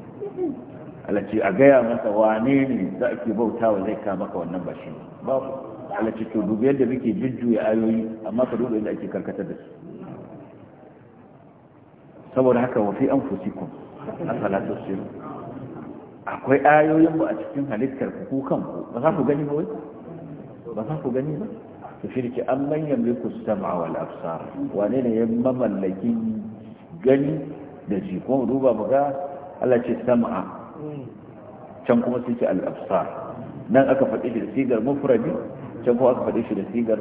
a gaya masa wane ne za ke bauta wa zai ka maka wannan bashi ba alati to dubi yadda muke jujjuya ayoyi amma ka dubi yadda ake karkatar da su saboda haka wa fi anfusikum afala akwai ayoyin ba a cikin halittar ku kanku ba za ku gani ba wai ba za ku gani ba to shirki an manyan yamliku sam'a wal absar wane ne ya mamallaki gani da ji ko duba mu ga Allah ce sam'a can kuma sai ce al absar nan aka faɗi shi da sigar mufradi can kuma aka faɗi shi da sigar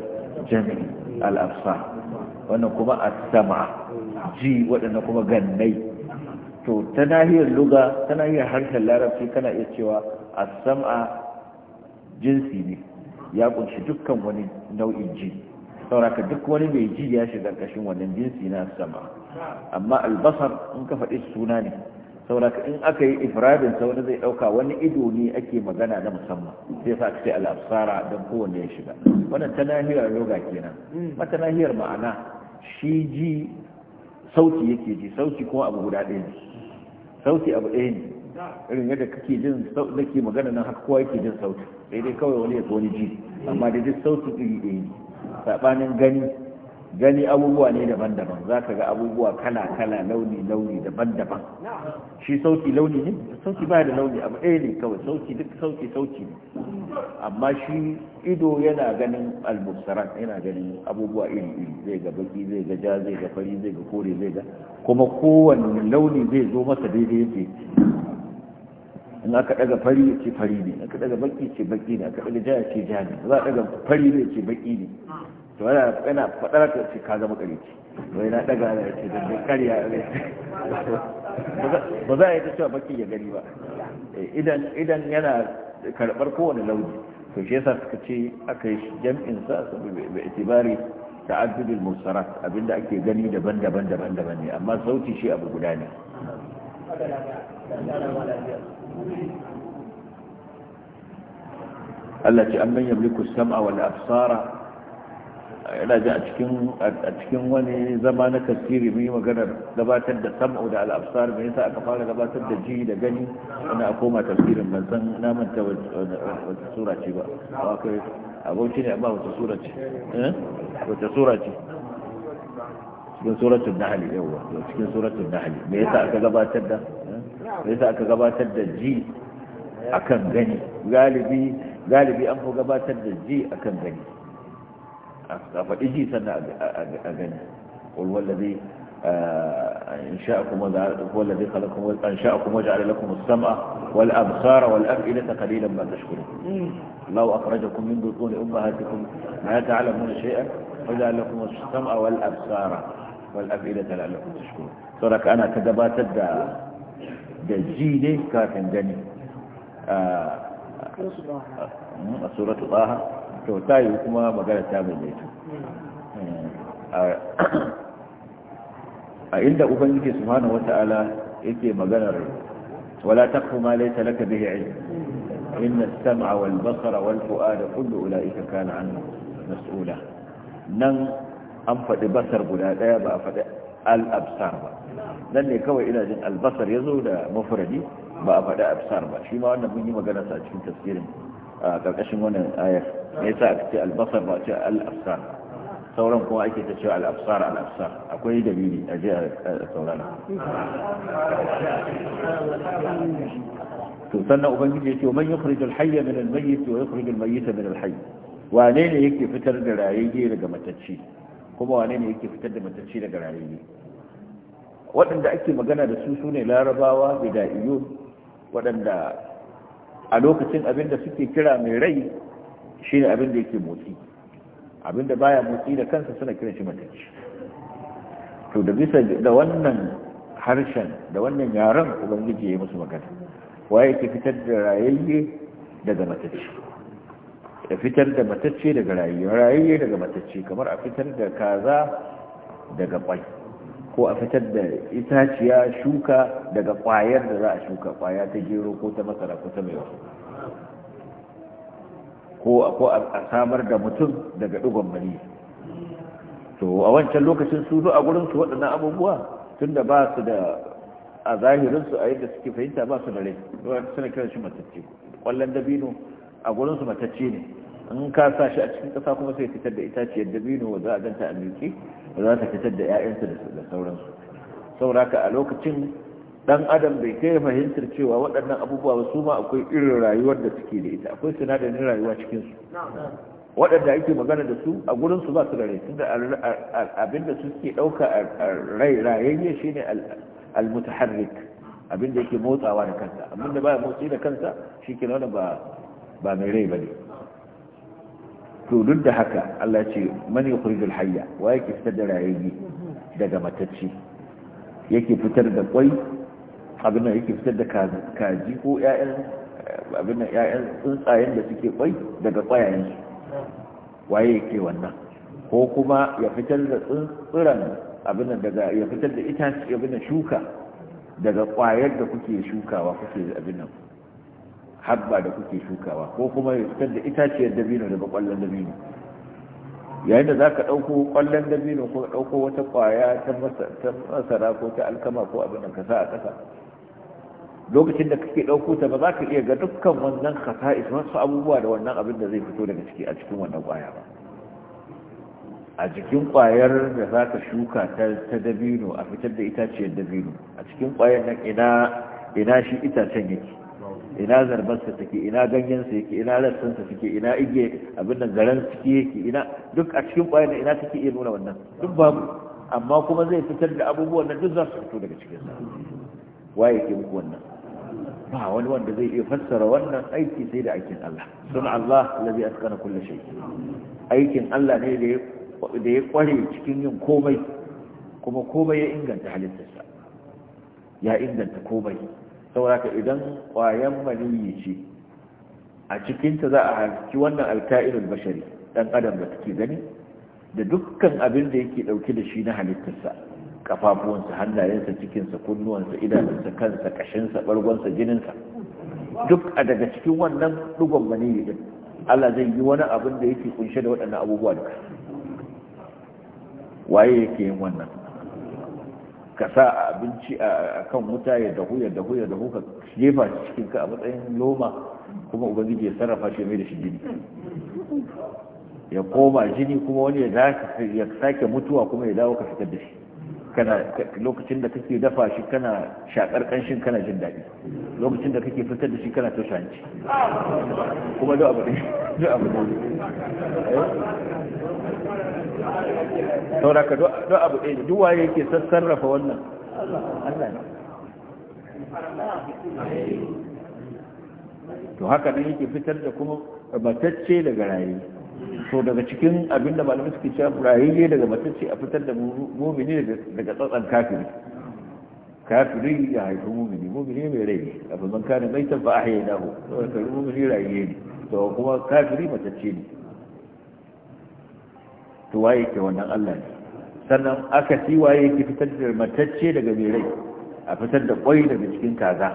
jami'i al absar wannan kuma as-sam'a ji waɗannan kuma gannai to ta nahiyar luga ta nahiyar harshen larabci kana iya cewa a sama jinsi ne ya kunshi dukkan wani nau'in ji sauraka duk wani mai ji ya shiga ƙarƙashin wannan jinsi na sama amma albasar in ka faɗi suna ne sauraka in aka yi ifradin sa wani zai ɗauka wani ido ne ake magana na musamman sai sa ce al'absara don kowanne ya shiga wannan ta nahiyar yoga kenan mata nahiyar ma'ana shi ji sauti yake ji sauti kuma abu guda ɗaya ne sauti abu ɗaya ne irin yadda kake jin sauti ke magana nan haka kowa yake jin sauti daidai kawai wani ya wani ji amma da jin sauti iri ɗaya ne saɓanin gani gani abubuwa ne daban-daban za ka ga abubuwa kala-kala launi-launi daban-daban shi sauki launi ne sauki ba da launi abu ɗaya ne kawai sauki duk sauki sauki ne amma shi ido yana ganin albusaran yana ganin abubuwa iri-iri zai ga baki zai ga ja zai ga fari zai ga kore zai ga kuma kowane launi zai zo masa daidai yake in aka daga fari ya ce fari ne aka daga baki ce baki ne aka daga ja ya ce ja ne za a daga fari ne ce baki ne to yana yana fadar ka ce ka zama kare ce to yana daga da ce da kariya ne ba za a yi ta cewa baki ya gani ba eh, idan idan yana karbar kowane launi to shi yasa suka ce aka yi jam'in sa saboda bai itibari ta'addudul mursalat abinda ake gani daban-daban daban-daban ne amma sauti shi abu guda ne Allah ce an amman yamliku sam'a wal absara yana ji a cikin wani zama na tasiri mai maganar gabatar da sam'u da al'absar mai yasa aka fara gabatar da ji da gani wani a koma tasirin ban san naman ta wata sura ce ba a ne amma wata sura ce eh? wata sura ce cikin suratun nahali yawa cikin suratun nahali me yasa aka gabatar da eh? me yasa aka gabatar da ji akan gani galibi galibi an fi gabatar da ji akan gani فإجي سنة ji sannan a gani والذي انشاكم هو الذي خلقكم انشاكم وجعل لكم السمع والابصار والافئده قليلا ما تشكرون الله اخرجكم من بطون امهاتكم لا تعلمون شيئا وجعل لكم السمع والابصار والافئده لعلكم تشكرون ترك انا كدبات الدا دجيني كافن جني آه، سوره طه to ta yi kuma magana ta mai daito a inda ubangiji subhanahu wata'ala yake maganar wala taqfu ma laysa laka bihi ilm inna as-sam'a wal basara wal fu'ada kullu ulaika kana anhu mas'ula nan an faɗi basar guda ɗaya ba a faɗi al-absar ba nan ne kawai ina jin albasar ya zo da mafuradi ba a faɗi absar ba shi ma wannan mun yi magana sa cikin tafsirin a ƙarƙashin wannan ayar me sa aka ce albasar ba ce al sauran kuma ake ta cewa al-absar akwai dalili a je a saurana to sannan ubangiji ya ce man yukhrijul hayya min al-mayyit wa yukhrijul mayyita min al-hayy wane ne yake fitar da rayayye daga matacci kuma wane ne yake fitar da matacci daga rayayye waɗanda ake magana da su su ne larabawa bida'iyu waɗanda a lokacin abin da suke kira mai rai shi ne abin da yake motsi abin da baya motsi da kansa suna kiran shi matacci to da bisa da wannan harshen da wannan yaren ubangiji ya yi musu magana waye ke fitar da rayayye daga matacci da fitar da matacce daga rayayye rayayye daga matacce kamar a fitar da kaza daga kwai ko a fitar da itaciya shuka daga kwayar da za a shuka kwaya ta gero ko ta masara ko ta mai ko a samar da mutum daga ɗigon mani to a wancan lokacin su zo a gurinsu waɗannan abubuwa tunda da ba su da a zahirinsu a yadda suke fahimta ba su da rai suna kiran shi matacce ƙwallon dabino a gurinsu matacce ne in ka sa shi a cikin ƙasa kuma sai fitar da itaciyar dabino za a ganta a milki za ta fitar da 'ya'yansa da sauransu sauraka a lokacin dan adam bai kai fahimtar cewa waɗannan abubuwa ba su ma akwai irin rayuwar da suke da ita akwai sinadarin rayuwa cikin su waɗanda ake magana da su a gurin su ba su da rai tunda abin da suke ɗauka a rai rayayye shine al-mutaharrik abin da yake motsawa da kansa abinda da baya motsi da kansa shi ke nuna ba ba mai rai bane to duk da haka Allah ce man yukhrijul hayya wa yake fitar da rayayye daga matacci yake fitar da kwai abin da yake fitar da kaji ko 'ya'yan tsuntsayen da suke kwai daga kwayayen su waye yake wannan ko kuma ya fitar da tsuntsuran abin da daga ya fitar da itace abin da shuka daga kwayar da kuke shukawa kuke abin nan habba da kuke shukawa ko kuma ya fitar da itaciyar dabino daga kwallon dabino yayin da za ka ɗauko ƙwallon dabino ko ɗauko wata ƙwaya ta masara ko ta alkama ko abin da ka sa a ƙasa lokacin da kake ɗauko ta ba za ka iya ga dukkan wannan khasa'is masu abubuwa da wannan abin da zai fito daga ciki a cikin wannan ƙwaya ba a jikin ƙwayar da za ka shuka ta dabino a fitar da itaciyar dabino a cikin ƙwayar nan ina shi itacen yake ina zarbarsa take ina ganyensa yake ina rassansa take ina igiye abin da garan ciki yake ina duk a cikin ƙwayar nan ina take iya nuna wannan duk babu amma kuma zai fitar da abubuwan nan duk za su fito daga cikin sa waye ke muku wannan ba wani wanda zai iya fassara wannan aiki sai da aikin Allah sun Allah lazi askana kulle shi aikin Allah ne da ya kware cikin yin komai kuma komai ya inganta halittarsa ya inganta komai sauraka idan kwayan maniyi ce a cikinta za a harki wannan alka'irin bashari dan adam da take gani da dukkan abin da yake dauke da shi na halittarsa kafafuwansa hannayensa cikinsa kunnuwansa idanunsa kansa kashinsa bargonsa jininsa duk a daga cikin wannan dugon maniyi din Allah zai yi wani abin da yake kunshe da waɗannan abubuwa duka waye yake yin wannan ka sa abinci a kan wuta ya dahu ya dahu ya dahu ka jefa shi cikin ka a matsayin loma kuma ubangiji ya sarrafa shi mai da shi jini ya koma jini kuma wani ya sake mutuwa kuma ya dawo ka fitar da shi kana lokacin da kake dafa shi kana shakar kanshin kana jin daɗi lokacin da kake fitar da shi kana to shanci kuma duk abu ne duk abu ne eh? ka duk abu ne duk waye yake sassarrafa wannan Allah ne to haka nan yake fitar da kuma batacce daga rayu so daga cikin abin da malamai suke cewa ne daga matacce a fitar da mumini daga tsatsan kafiri kafiri ya haifi mumini mumini mai rai a man kanin mai tabba a haye dahu saboda kari mumini rayayye ne to kuma kafiri matacce ne to waye ke wannan Allah ne sannan aka ci waye ke fitar da matacce daga mai rai a fitar da kwai daga cikin kaza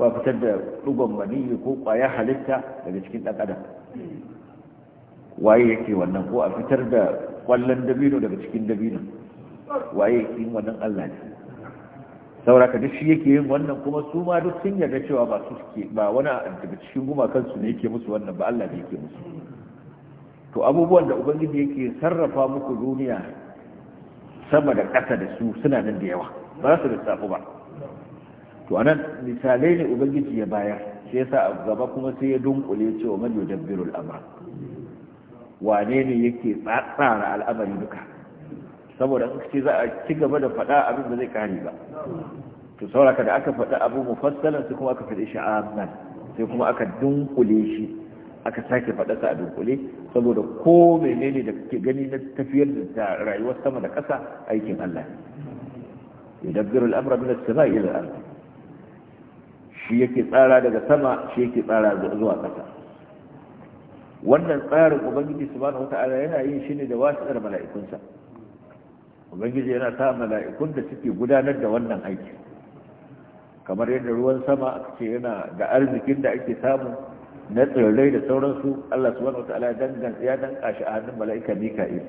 ba fitar da dugon maniyyi ko kwayar halitta daga cikin ɗan adam waye yake wannan ko a fitar da kwallon dabino daga cikin dabino waye yake yin wannan Allah ne Saura duk shi yake yin wannan kuma su ma duk sun yarda cewa ba su suke ba wani daga cikin gumakansu ne yake musu wannan ba Allah ne yake musu to abubuwan da ubangiji yake sarrafa muku duniya sama da ƙasa da su suna nan da yawa ba su lissafu ba to anan misalai ne ubangiji ya bayar sai yasa a gaba kuma sai ya dunkule cewa man yudabbirul amra wane ne yake tsara al'amari duka saboda suka ce za a ci gaba da faɗa abin da zai kare ba to sauraka da aka faɗa abu mufassalan sai kuma aka faɗi shi a nan, sai kuma aka dunkule shi aka sake sa a dunkule saboda ko menene da kake gani na tafiyar da rayuwar sama da ƙasa aikin Allah yudabbirul amra min as-sama'i ila al-ard shi yake tsara daga sama shi yake tsara zuwa ƙasa wannan tsarin ubangiji subhanahu wata'ala yana yin shi ne da wasiƙar mala'ikunsa ubangiji yana sa mala'ikun da suke gudanar da wannan aiki kamar yadda ruwan sama ce yana da arzikin da ake samu na tsirrai da sauransu Allah subhanahu wataala dangan ya danka shi a hannun mala'ika mika'il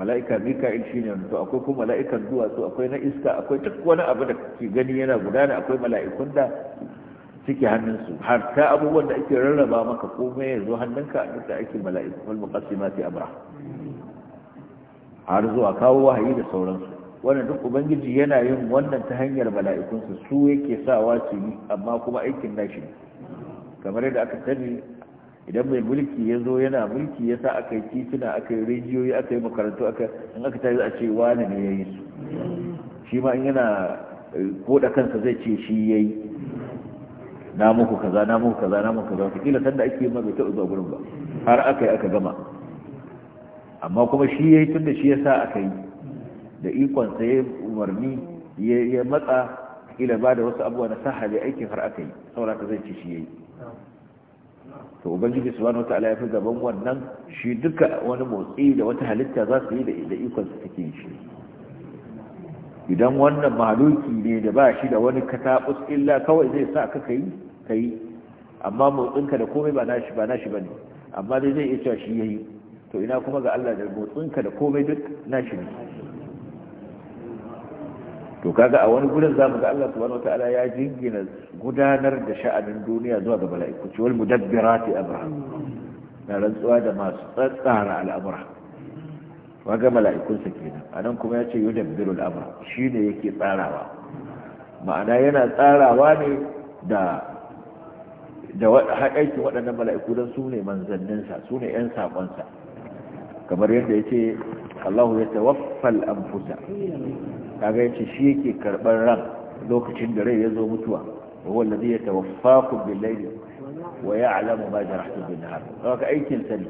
mala'ika mika'il shine to akwai kuma mala'ikan duwatsu akwai na iska akwai duk wani abu da ke gani yana gudana akwai mala'ikun da cike hannunsu har ta abubuwan da ake rarraba maka komai ya zo hannunka a da ake mala'iku wal muqassimati amra har zuwa kawo wahayi da sauransu wannan duk ubangiji yana yin wannan ta hanyar mala'ikunsa su yake sa wace ni amma kuma aikin nashi kamar yadda aka sani idan mai mulki ya zo yana mulki ya sa aka yi titina aka yi rijiyoyi aka yi makarantu aka in aka tafi a ce wani ne ya yi su shi ma in yana eh, koda kansa zai ce shi ya yi na muku kaza na muku kaza na muku kaza kila sanda ake ma bai taɓa zuwa gurin ba har aka yi aka gama amma kuma shi ya yi tun da shi ya sa aka yi da ikonsa ya umarni ya matsa kila ba da wasu abubuwa na sahali aikin har aka yi ka zai ci shi ya yi to ubangiji su wani ta'ala ya fi gaban wannan shi duka wani motsi da wata halitta za su yi da ikonsa take yi shi idan wannan mahaluki ne da ba shi da wani kataɓus illa kawai zai sa ka yi ka yi amma motsinka da komai ba nashi ba nashi ba ne amma dai zai iya cewa shi yayi to ina kuma ga Allah da motsinka da komai duk nashi ne to kaga a wani gurin zamu ga Allah subhanahu wataala ya jingina gudanar da sha'anin duniya zuwa ga mala'iku ce wal mudabbirati amra na rantsuwa da masu tsatsara al'amura waga mala'ikunsa kenan anan kuma ya ce yudabbiru al'amura shine yake tsarawa ma'ana yana tsarawa ne da da aikin waɗannan mala'iku don su ne manzanninsa su ne 'yan saƙonsa kamar yadda ya ce allahu ya tawaffal anfusa kaga ya ce shi yake karɓar ran lokacin da rai ya zo mutuwa wa wallazi ya tawaffa bil layli wa ya'lamu ma jarahtum bin nahar kaga aikin sa ne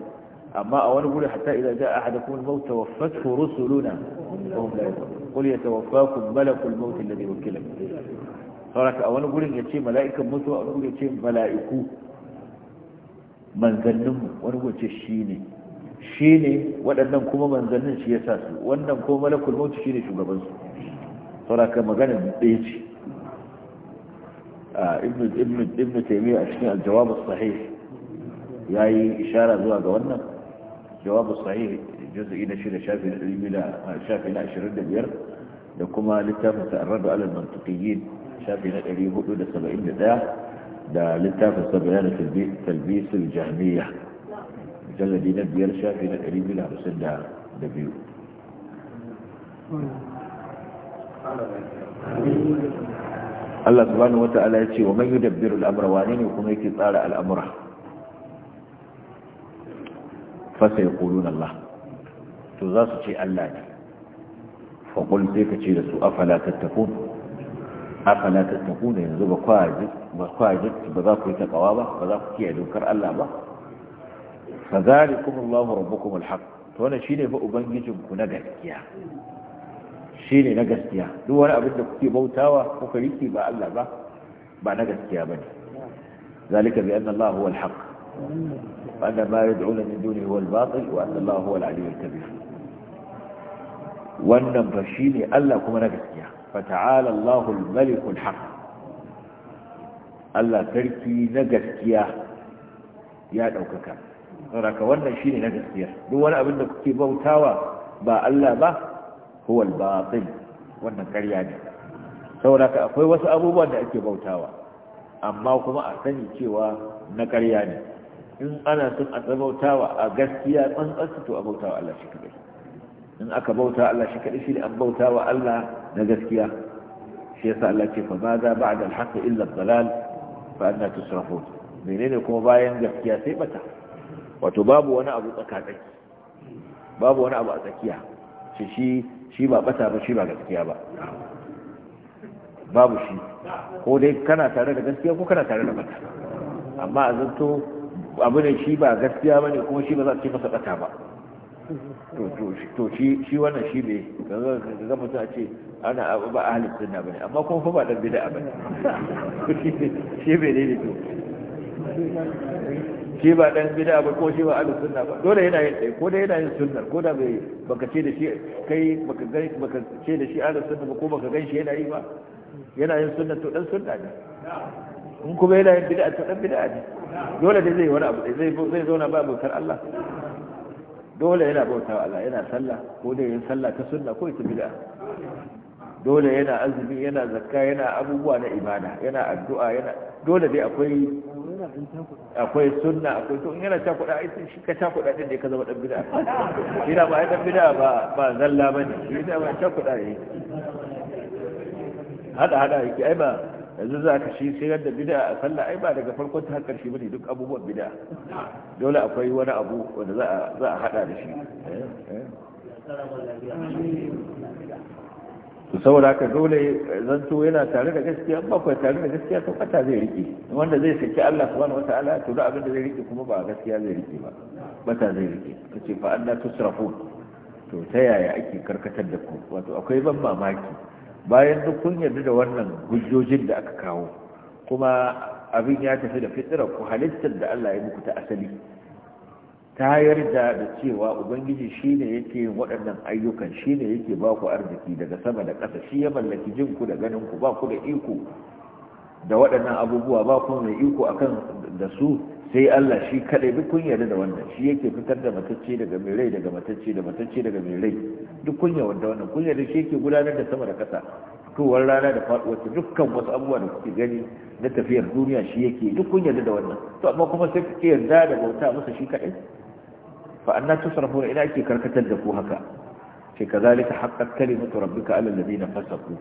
amma a wani guri hatta idan ja ahadakum al maut tawaffathu rusuluna wa ya tawaffa yaqul yatawaffakum malakul maut alladhi wukila sauraka a wani gurin ya ce mala'ikan mutuwa wani gurin ya ce mala'iku manzanninmu wani gurin ce shi ne shi ne waɗannan kuma manzannin shi ya sa su wannan kuma malakul mauti shi ne shugabansu sauraka magana ɗaya ce ibn taimiyya a cikin aljawabu sahih ya yi ishara zuwa ga wannan jawabu sahih juz'i na shida shafi na 25 da kuma littafin ta'arradu alal mantiqiyyin shafi na 471 da littafin sabayar talbisul jami'a jalladi na biyar shafi na 252 Allah subhanahu wata'ala ya ce wa man yudabbiru al'amura, wane ne kuma yake tsara al'amura fa sayquluna Allah to za su ce Allah ne fa sai ka ce da su afala tattaqun afala tattaquna yanzu ba kwaji ba kwaji ba za ku yi takawa ba ba za ku kiyaye dokar Allah ba fa zalikum Allahu rabbukum alhaq to wannan shine fa ubangijin ku na gaskiya shine na gaskiya duk wani abin da kuke bautawa kuka riki ba Allah ba ba na gaskiya bane zalika bi anna Allah huwa alhaq wa anna ma yad'una min dunihi huwa albatil wa anna Allah huwa alaliyyul kabir wannan fa shine Allah kuma na gaskiya fata'ala Allahul malikul haq Allah sarki na gaskiya ya ɗaukaka saboda wannan shine na gaskiya duk wani abin da kuke bautawa ba Allah ba huwa al-batil wannan ƙarya ne saboda akwai wasu abubuwan da ake bautawa amma kuma a sani cewa na ƙarya ne in ana son a bautawa a gaskiya tsantsansu to a bautawa Allah shi kadai in aka bauta Allah shi kaɗai shi ne an bauta wa Allah na gaskiya shi yasa Allah ce fa ma za ba al-haqq illa ad-dalal fa anna tusrafun menene kuma bayan gaskiya sai bata wato babu wani abu tsakatsaki babu wani abu a tsakiya shi shi shi ba bata ba shi ba gaskiya ba babu shi ko dai kana tare da gaskiya ko kana tare da bata amma a zanto abu ne shi ba gaskiya bane kuma shi ba za a ce masa bata ba to shi wannan shi ne ga mutum a ce ana ba a sunna ba ne amma kuma fa ba dan bida ba ne shi bai ne to shi ba dan bida ba ko shi ba ahalin na ba dole yana yin ɗaya ko da yana yin sunnar ko da bai baka ce da shi kai baka gani baka ce da shi a sunna ba ko baka gan shi yana yi ba yana yin sunna to dan sunna ne in kuma yana yin bida to dan bida ne dole dai zai wani abu zai zauna ba abokan Allah dole yana bauta wa Allah yana sallah ko dai yin sallah ta sunna ko ita bid'a dole yana azumi yana zakka yana abubuwa na ibada yana addu'a yana dole dai akwai akwai sunna akwai to in yana ta kuɗa ita shi ka ta kuɗa din da ka zama dan bid'a ina ba dan bid'a ba ba zalla bane shi ba ta kuɗa ne hada hada yake ai ba yanzu za ka shi sayar da bida a sallah ai ba daga farkon ta karshe bane duk abubuwan bida dole akwai wani abu wanda za a hada da shi eh, eh. to saboda haka dole zanto yana tare da gaskiya ba kuwa tare da gaskiya to kata zai rike wanda zai saki Allah subhanahu wataala to da abin da zai rike kuma ba gaskiya zai rike ba bata zai rike kace fa anna tusrafun to ta yaya ake karkatar da ku wato akwai ban mamaki bayan duk kun yarda da wannan hujjojin da aka kawo kuma abin ya tafi da fitira ku halittar da Allah ya muku ta asali ta yarda da cewa ubangiji shine yake yin waɗannan ayyukan shine yake ba ku arziki daga sama da ƙasa shi ya mallaki jin ku da ganin ku ba ku da iko da waɗannan abubuwa ba ku mai iko akan da su sai Allah shi kadai duk kun yarda da wannan shi yake fitar da matacce daga mai rai daga matacce da matacce daga mai rai duk kun yarda wannan kun yarda shi yake gudanar da sama da kasa fitowar rana da faduwar dukkan wasu abubuwa da kuke gani na tafiyar duniya shi yake duk kun yarda da wannan to amma kuma sai kuke yarda da bauta masa shi kadai fa anna tusrafuna ina ake karkatar da ku haka sai kazalika haqqat kalimatu rabbika alal ladina fasaqu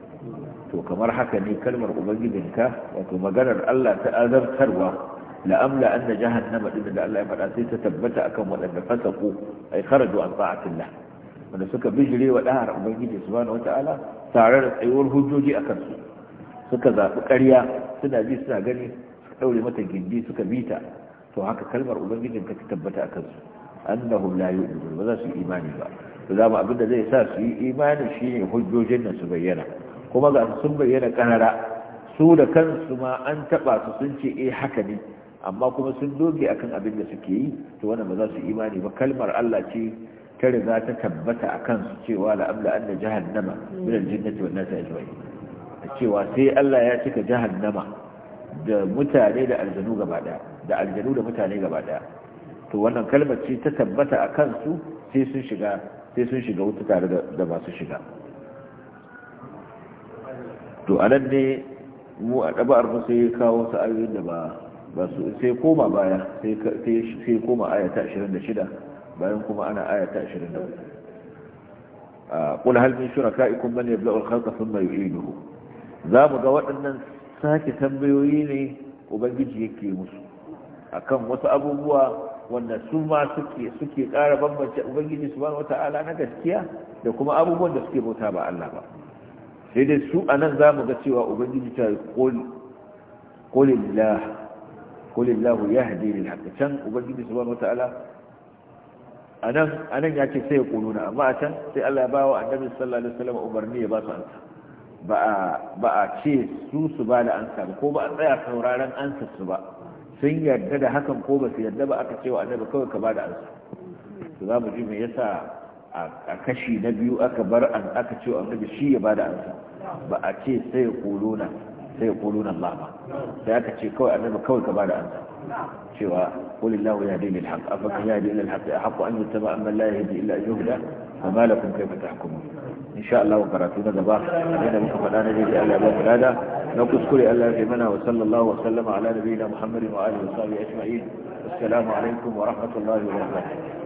to kamar haka ne kalmar ubangijinka wato maganar Allah ta azartarwa la'amla an na jahannama ɗin da Allah ya faɗa sai ta tabbata akan waɗanda fasaku ai kharaju an ta'atillah wanda suka bijire wa dahar ubangiji subhanahu wata'ala tare da tsayuwar hujjoji akan su suka zaɓi ƙarya suna ji suna gani suka ɗaure mata gindi suka bita to haka kalmar ubangijin ta tabbata akan su annahum la yu'minun ba za su yi imani ba to zama abin da zai sa su yi imani shine hujjojin nan su bayyana kuma ga sun bayyana kanara su da kansu ma an taba su sun ce eh haka ne amma kuma sun doge akan abin da suke yi to wannan ba za su imani ba kalmar Allah ce ta riga ta tabbata a kansu cewa la'amla an da jahannama minan jinnati wannan ta a cewa sai Allah ya cika jahannama da mutane da aljanu gaba daya da aljanu da mutane gaba daya to wannan kalmar ce ta tabbata a kansu sai sun shiga sai sun shiga wuta tare da masu shiga to anan ne mu a ɗaba'ar arba sai kawo su ayoyin da ba ba sai koma baya sai koma ayata 26 bayan kuma ana ayata 24 قل هل من شركائكم من يبلغ الخلق ثم يعيده za mu ga waɗannan sake tambayoyi ne ubangiji yake musu akan wasu abubuwa wanda su ma suke suke ƙara bambance ubangiji subhanahu wata'ala na gaskiya da kuma abubuwan da suke bauta ba Allah ba sai dai su anan za mu ga cewa ubangiji ta qul qul lillah kulillahu ya hadi lil haqq can ubangiji subhanahu wataala anan anan ya ce sai ya kununa amma a can sai Allah ya bawa annabi sallallahu alaihi wasallam umarni ya ba su ansa ba a ba a ce su su ba da ansa ba ko ba a tsaya sauraron ansa su ba sun yarda da hakan ko ba su yarda ba aka ce cewa annabi kawai ka ba da ansa to za mu ji me yasa a kashi na biyu aka bar an aka ce wa annabi shi ya ba da ansa ba a ce sai ya kununa. sai ya kulu na Allah ba sai aka ce kawai annabi kawai ka bada ansa cewa qul illahu yahdi lil haqq afa man yahdi ila al haqq ahqqu an yuttaba amma la yahdi illa yuhda fama lakum kayfa tahkumun insha Allah karatu na gaba da muka faɗa na dai Allah ya ba da na kuskure Allah ya mana wa sallallahu wa sallama ala nabiyina Muhammadin wa alihi wa sahbihi ajma'in assalamu alaikum wa rahmatullahi wa barakatuh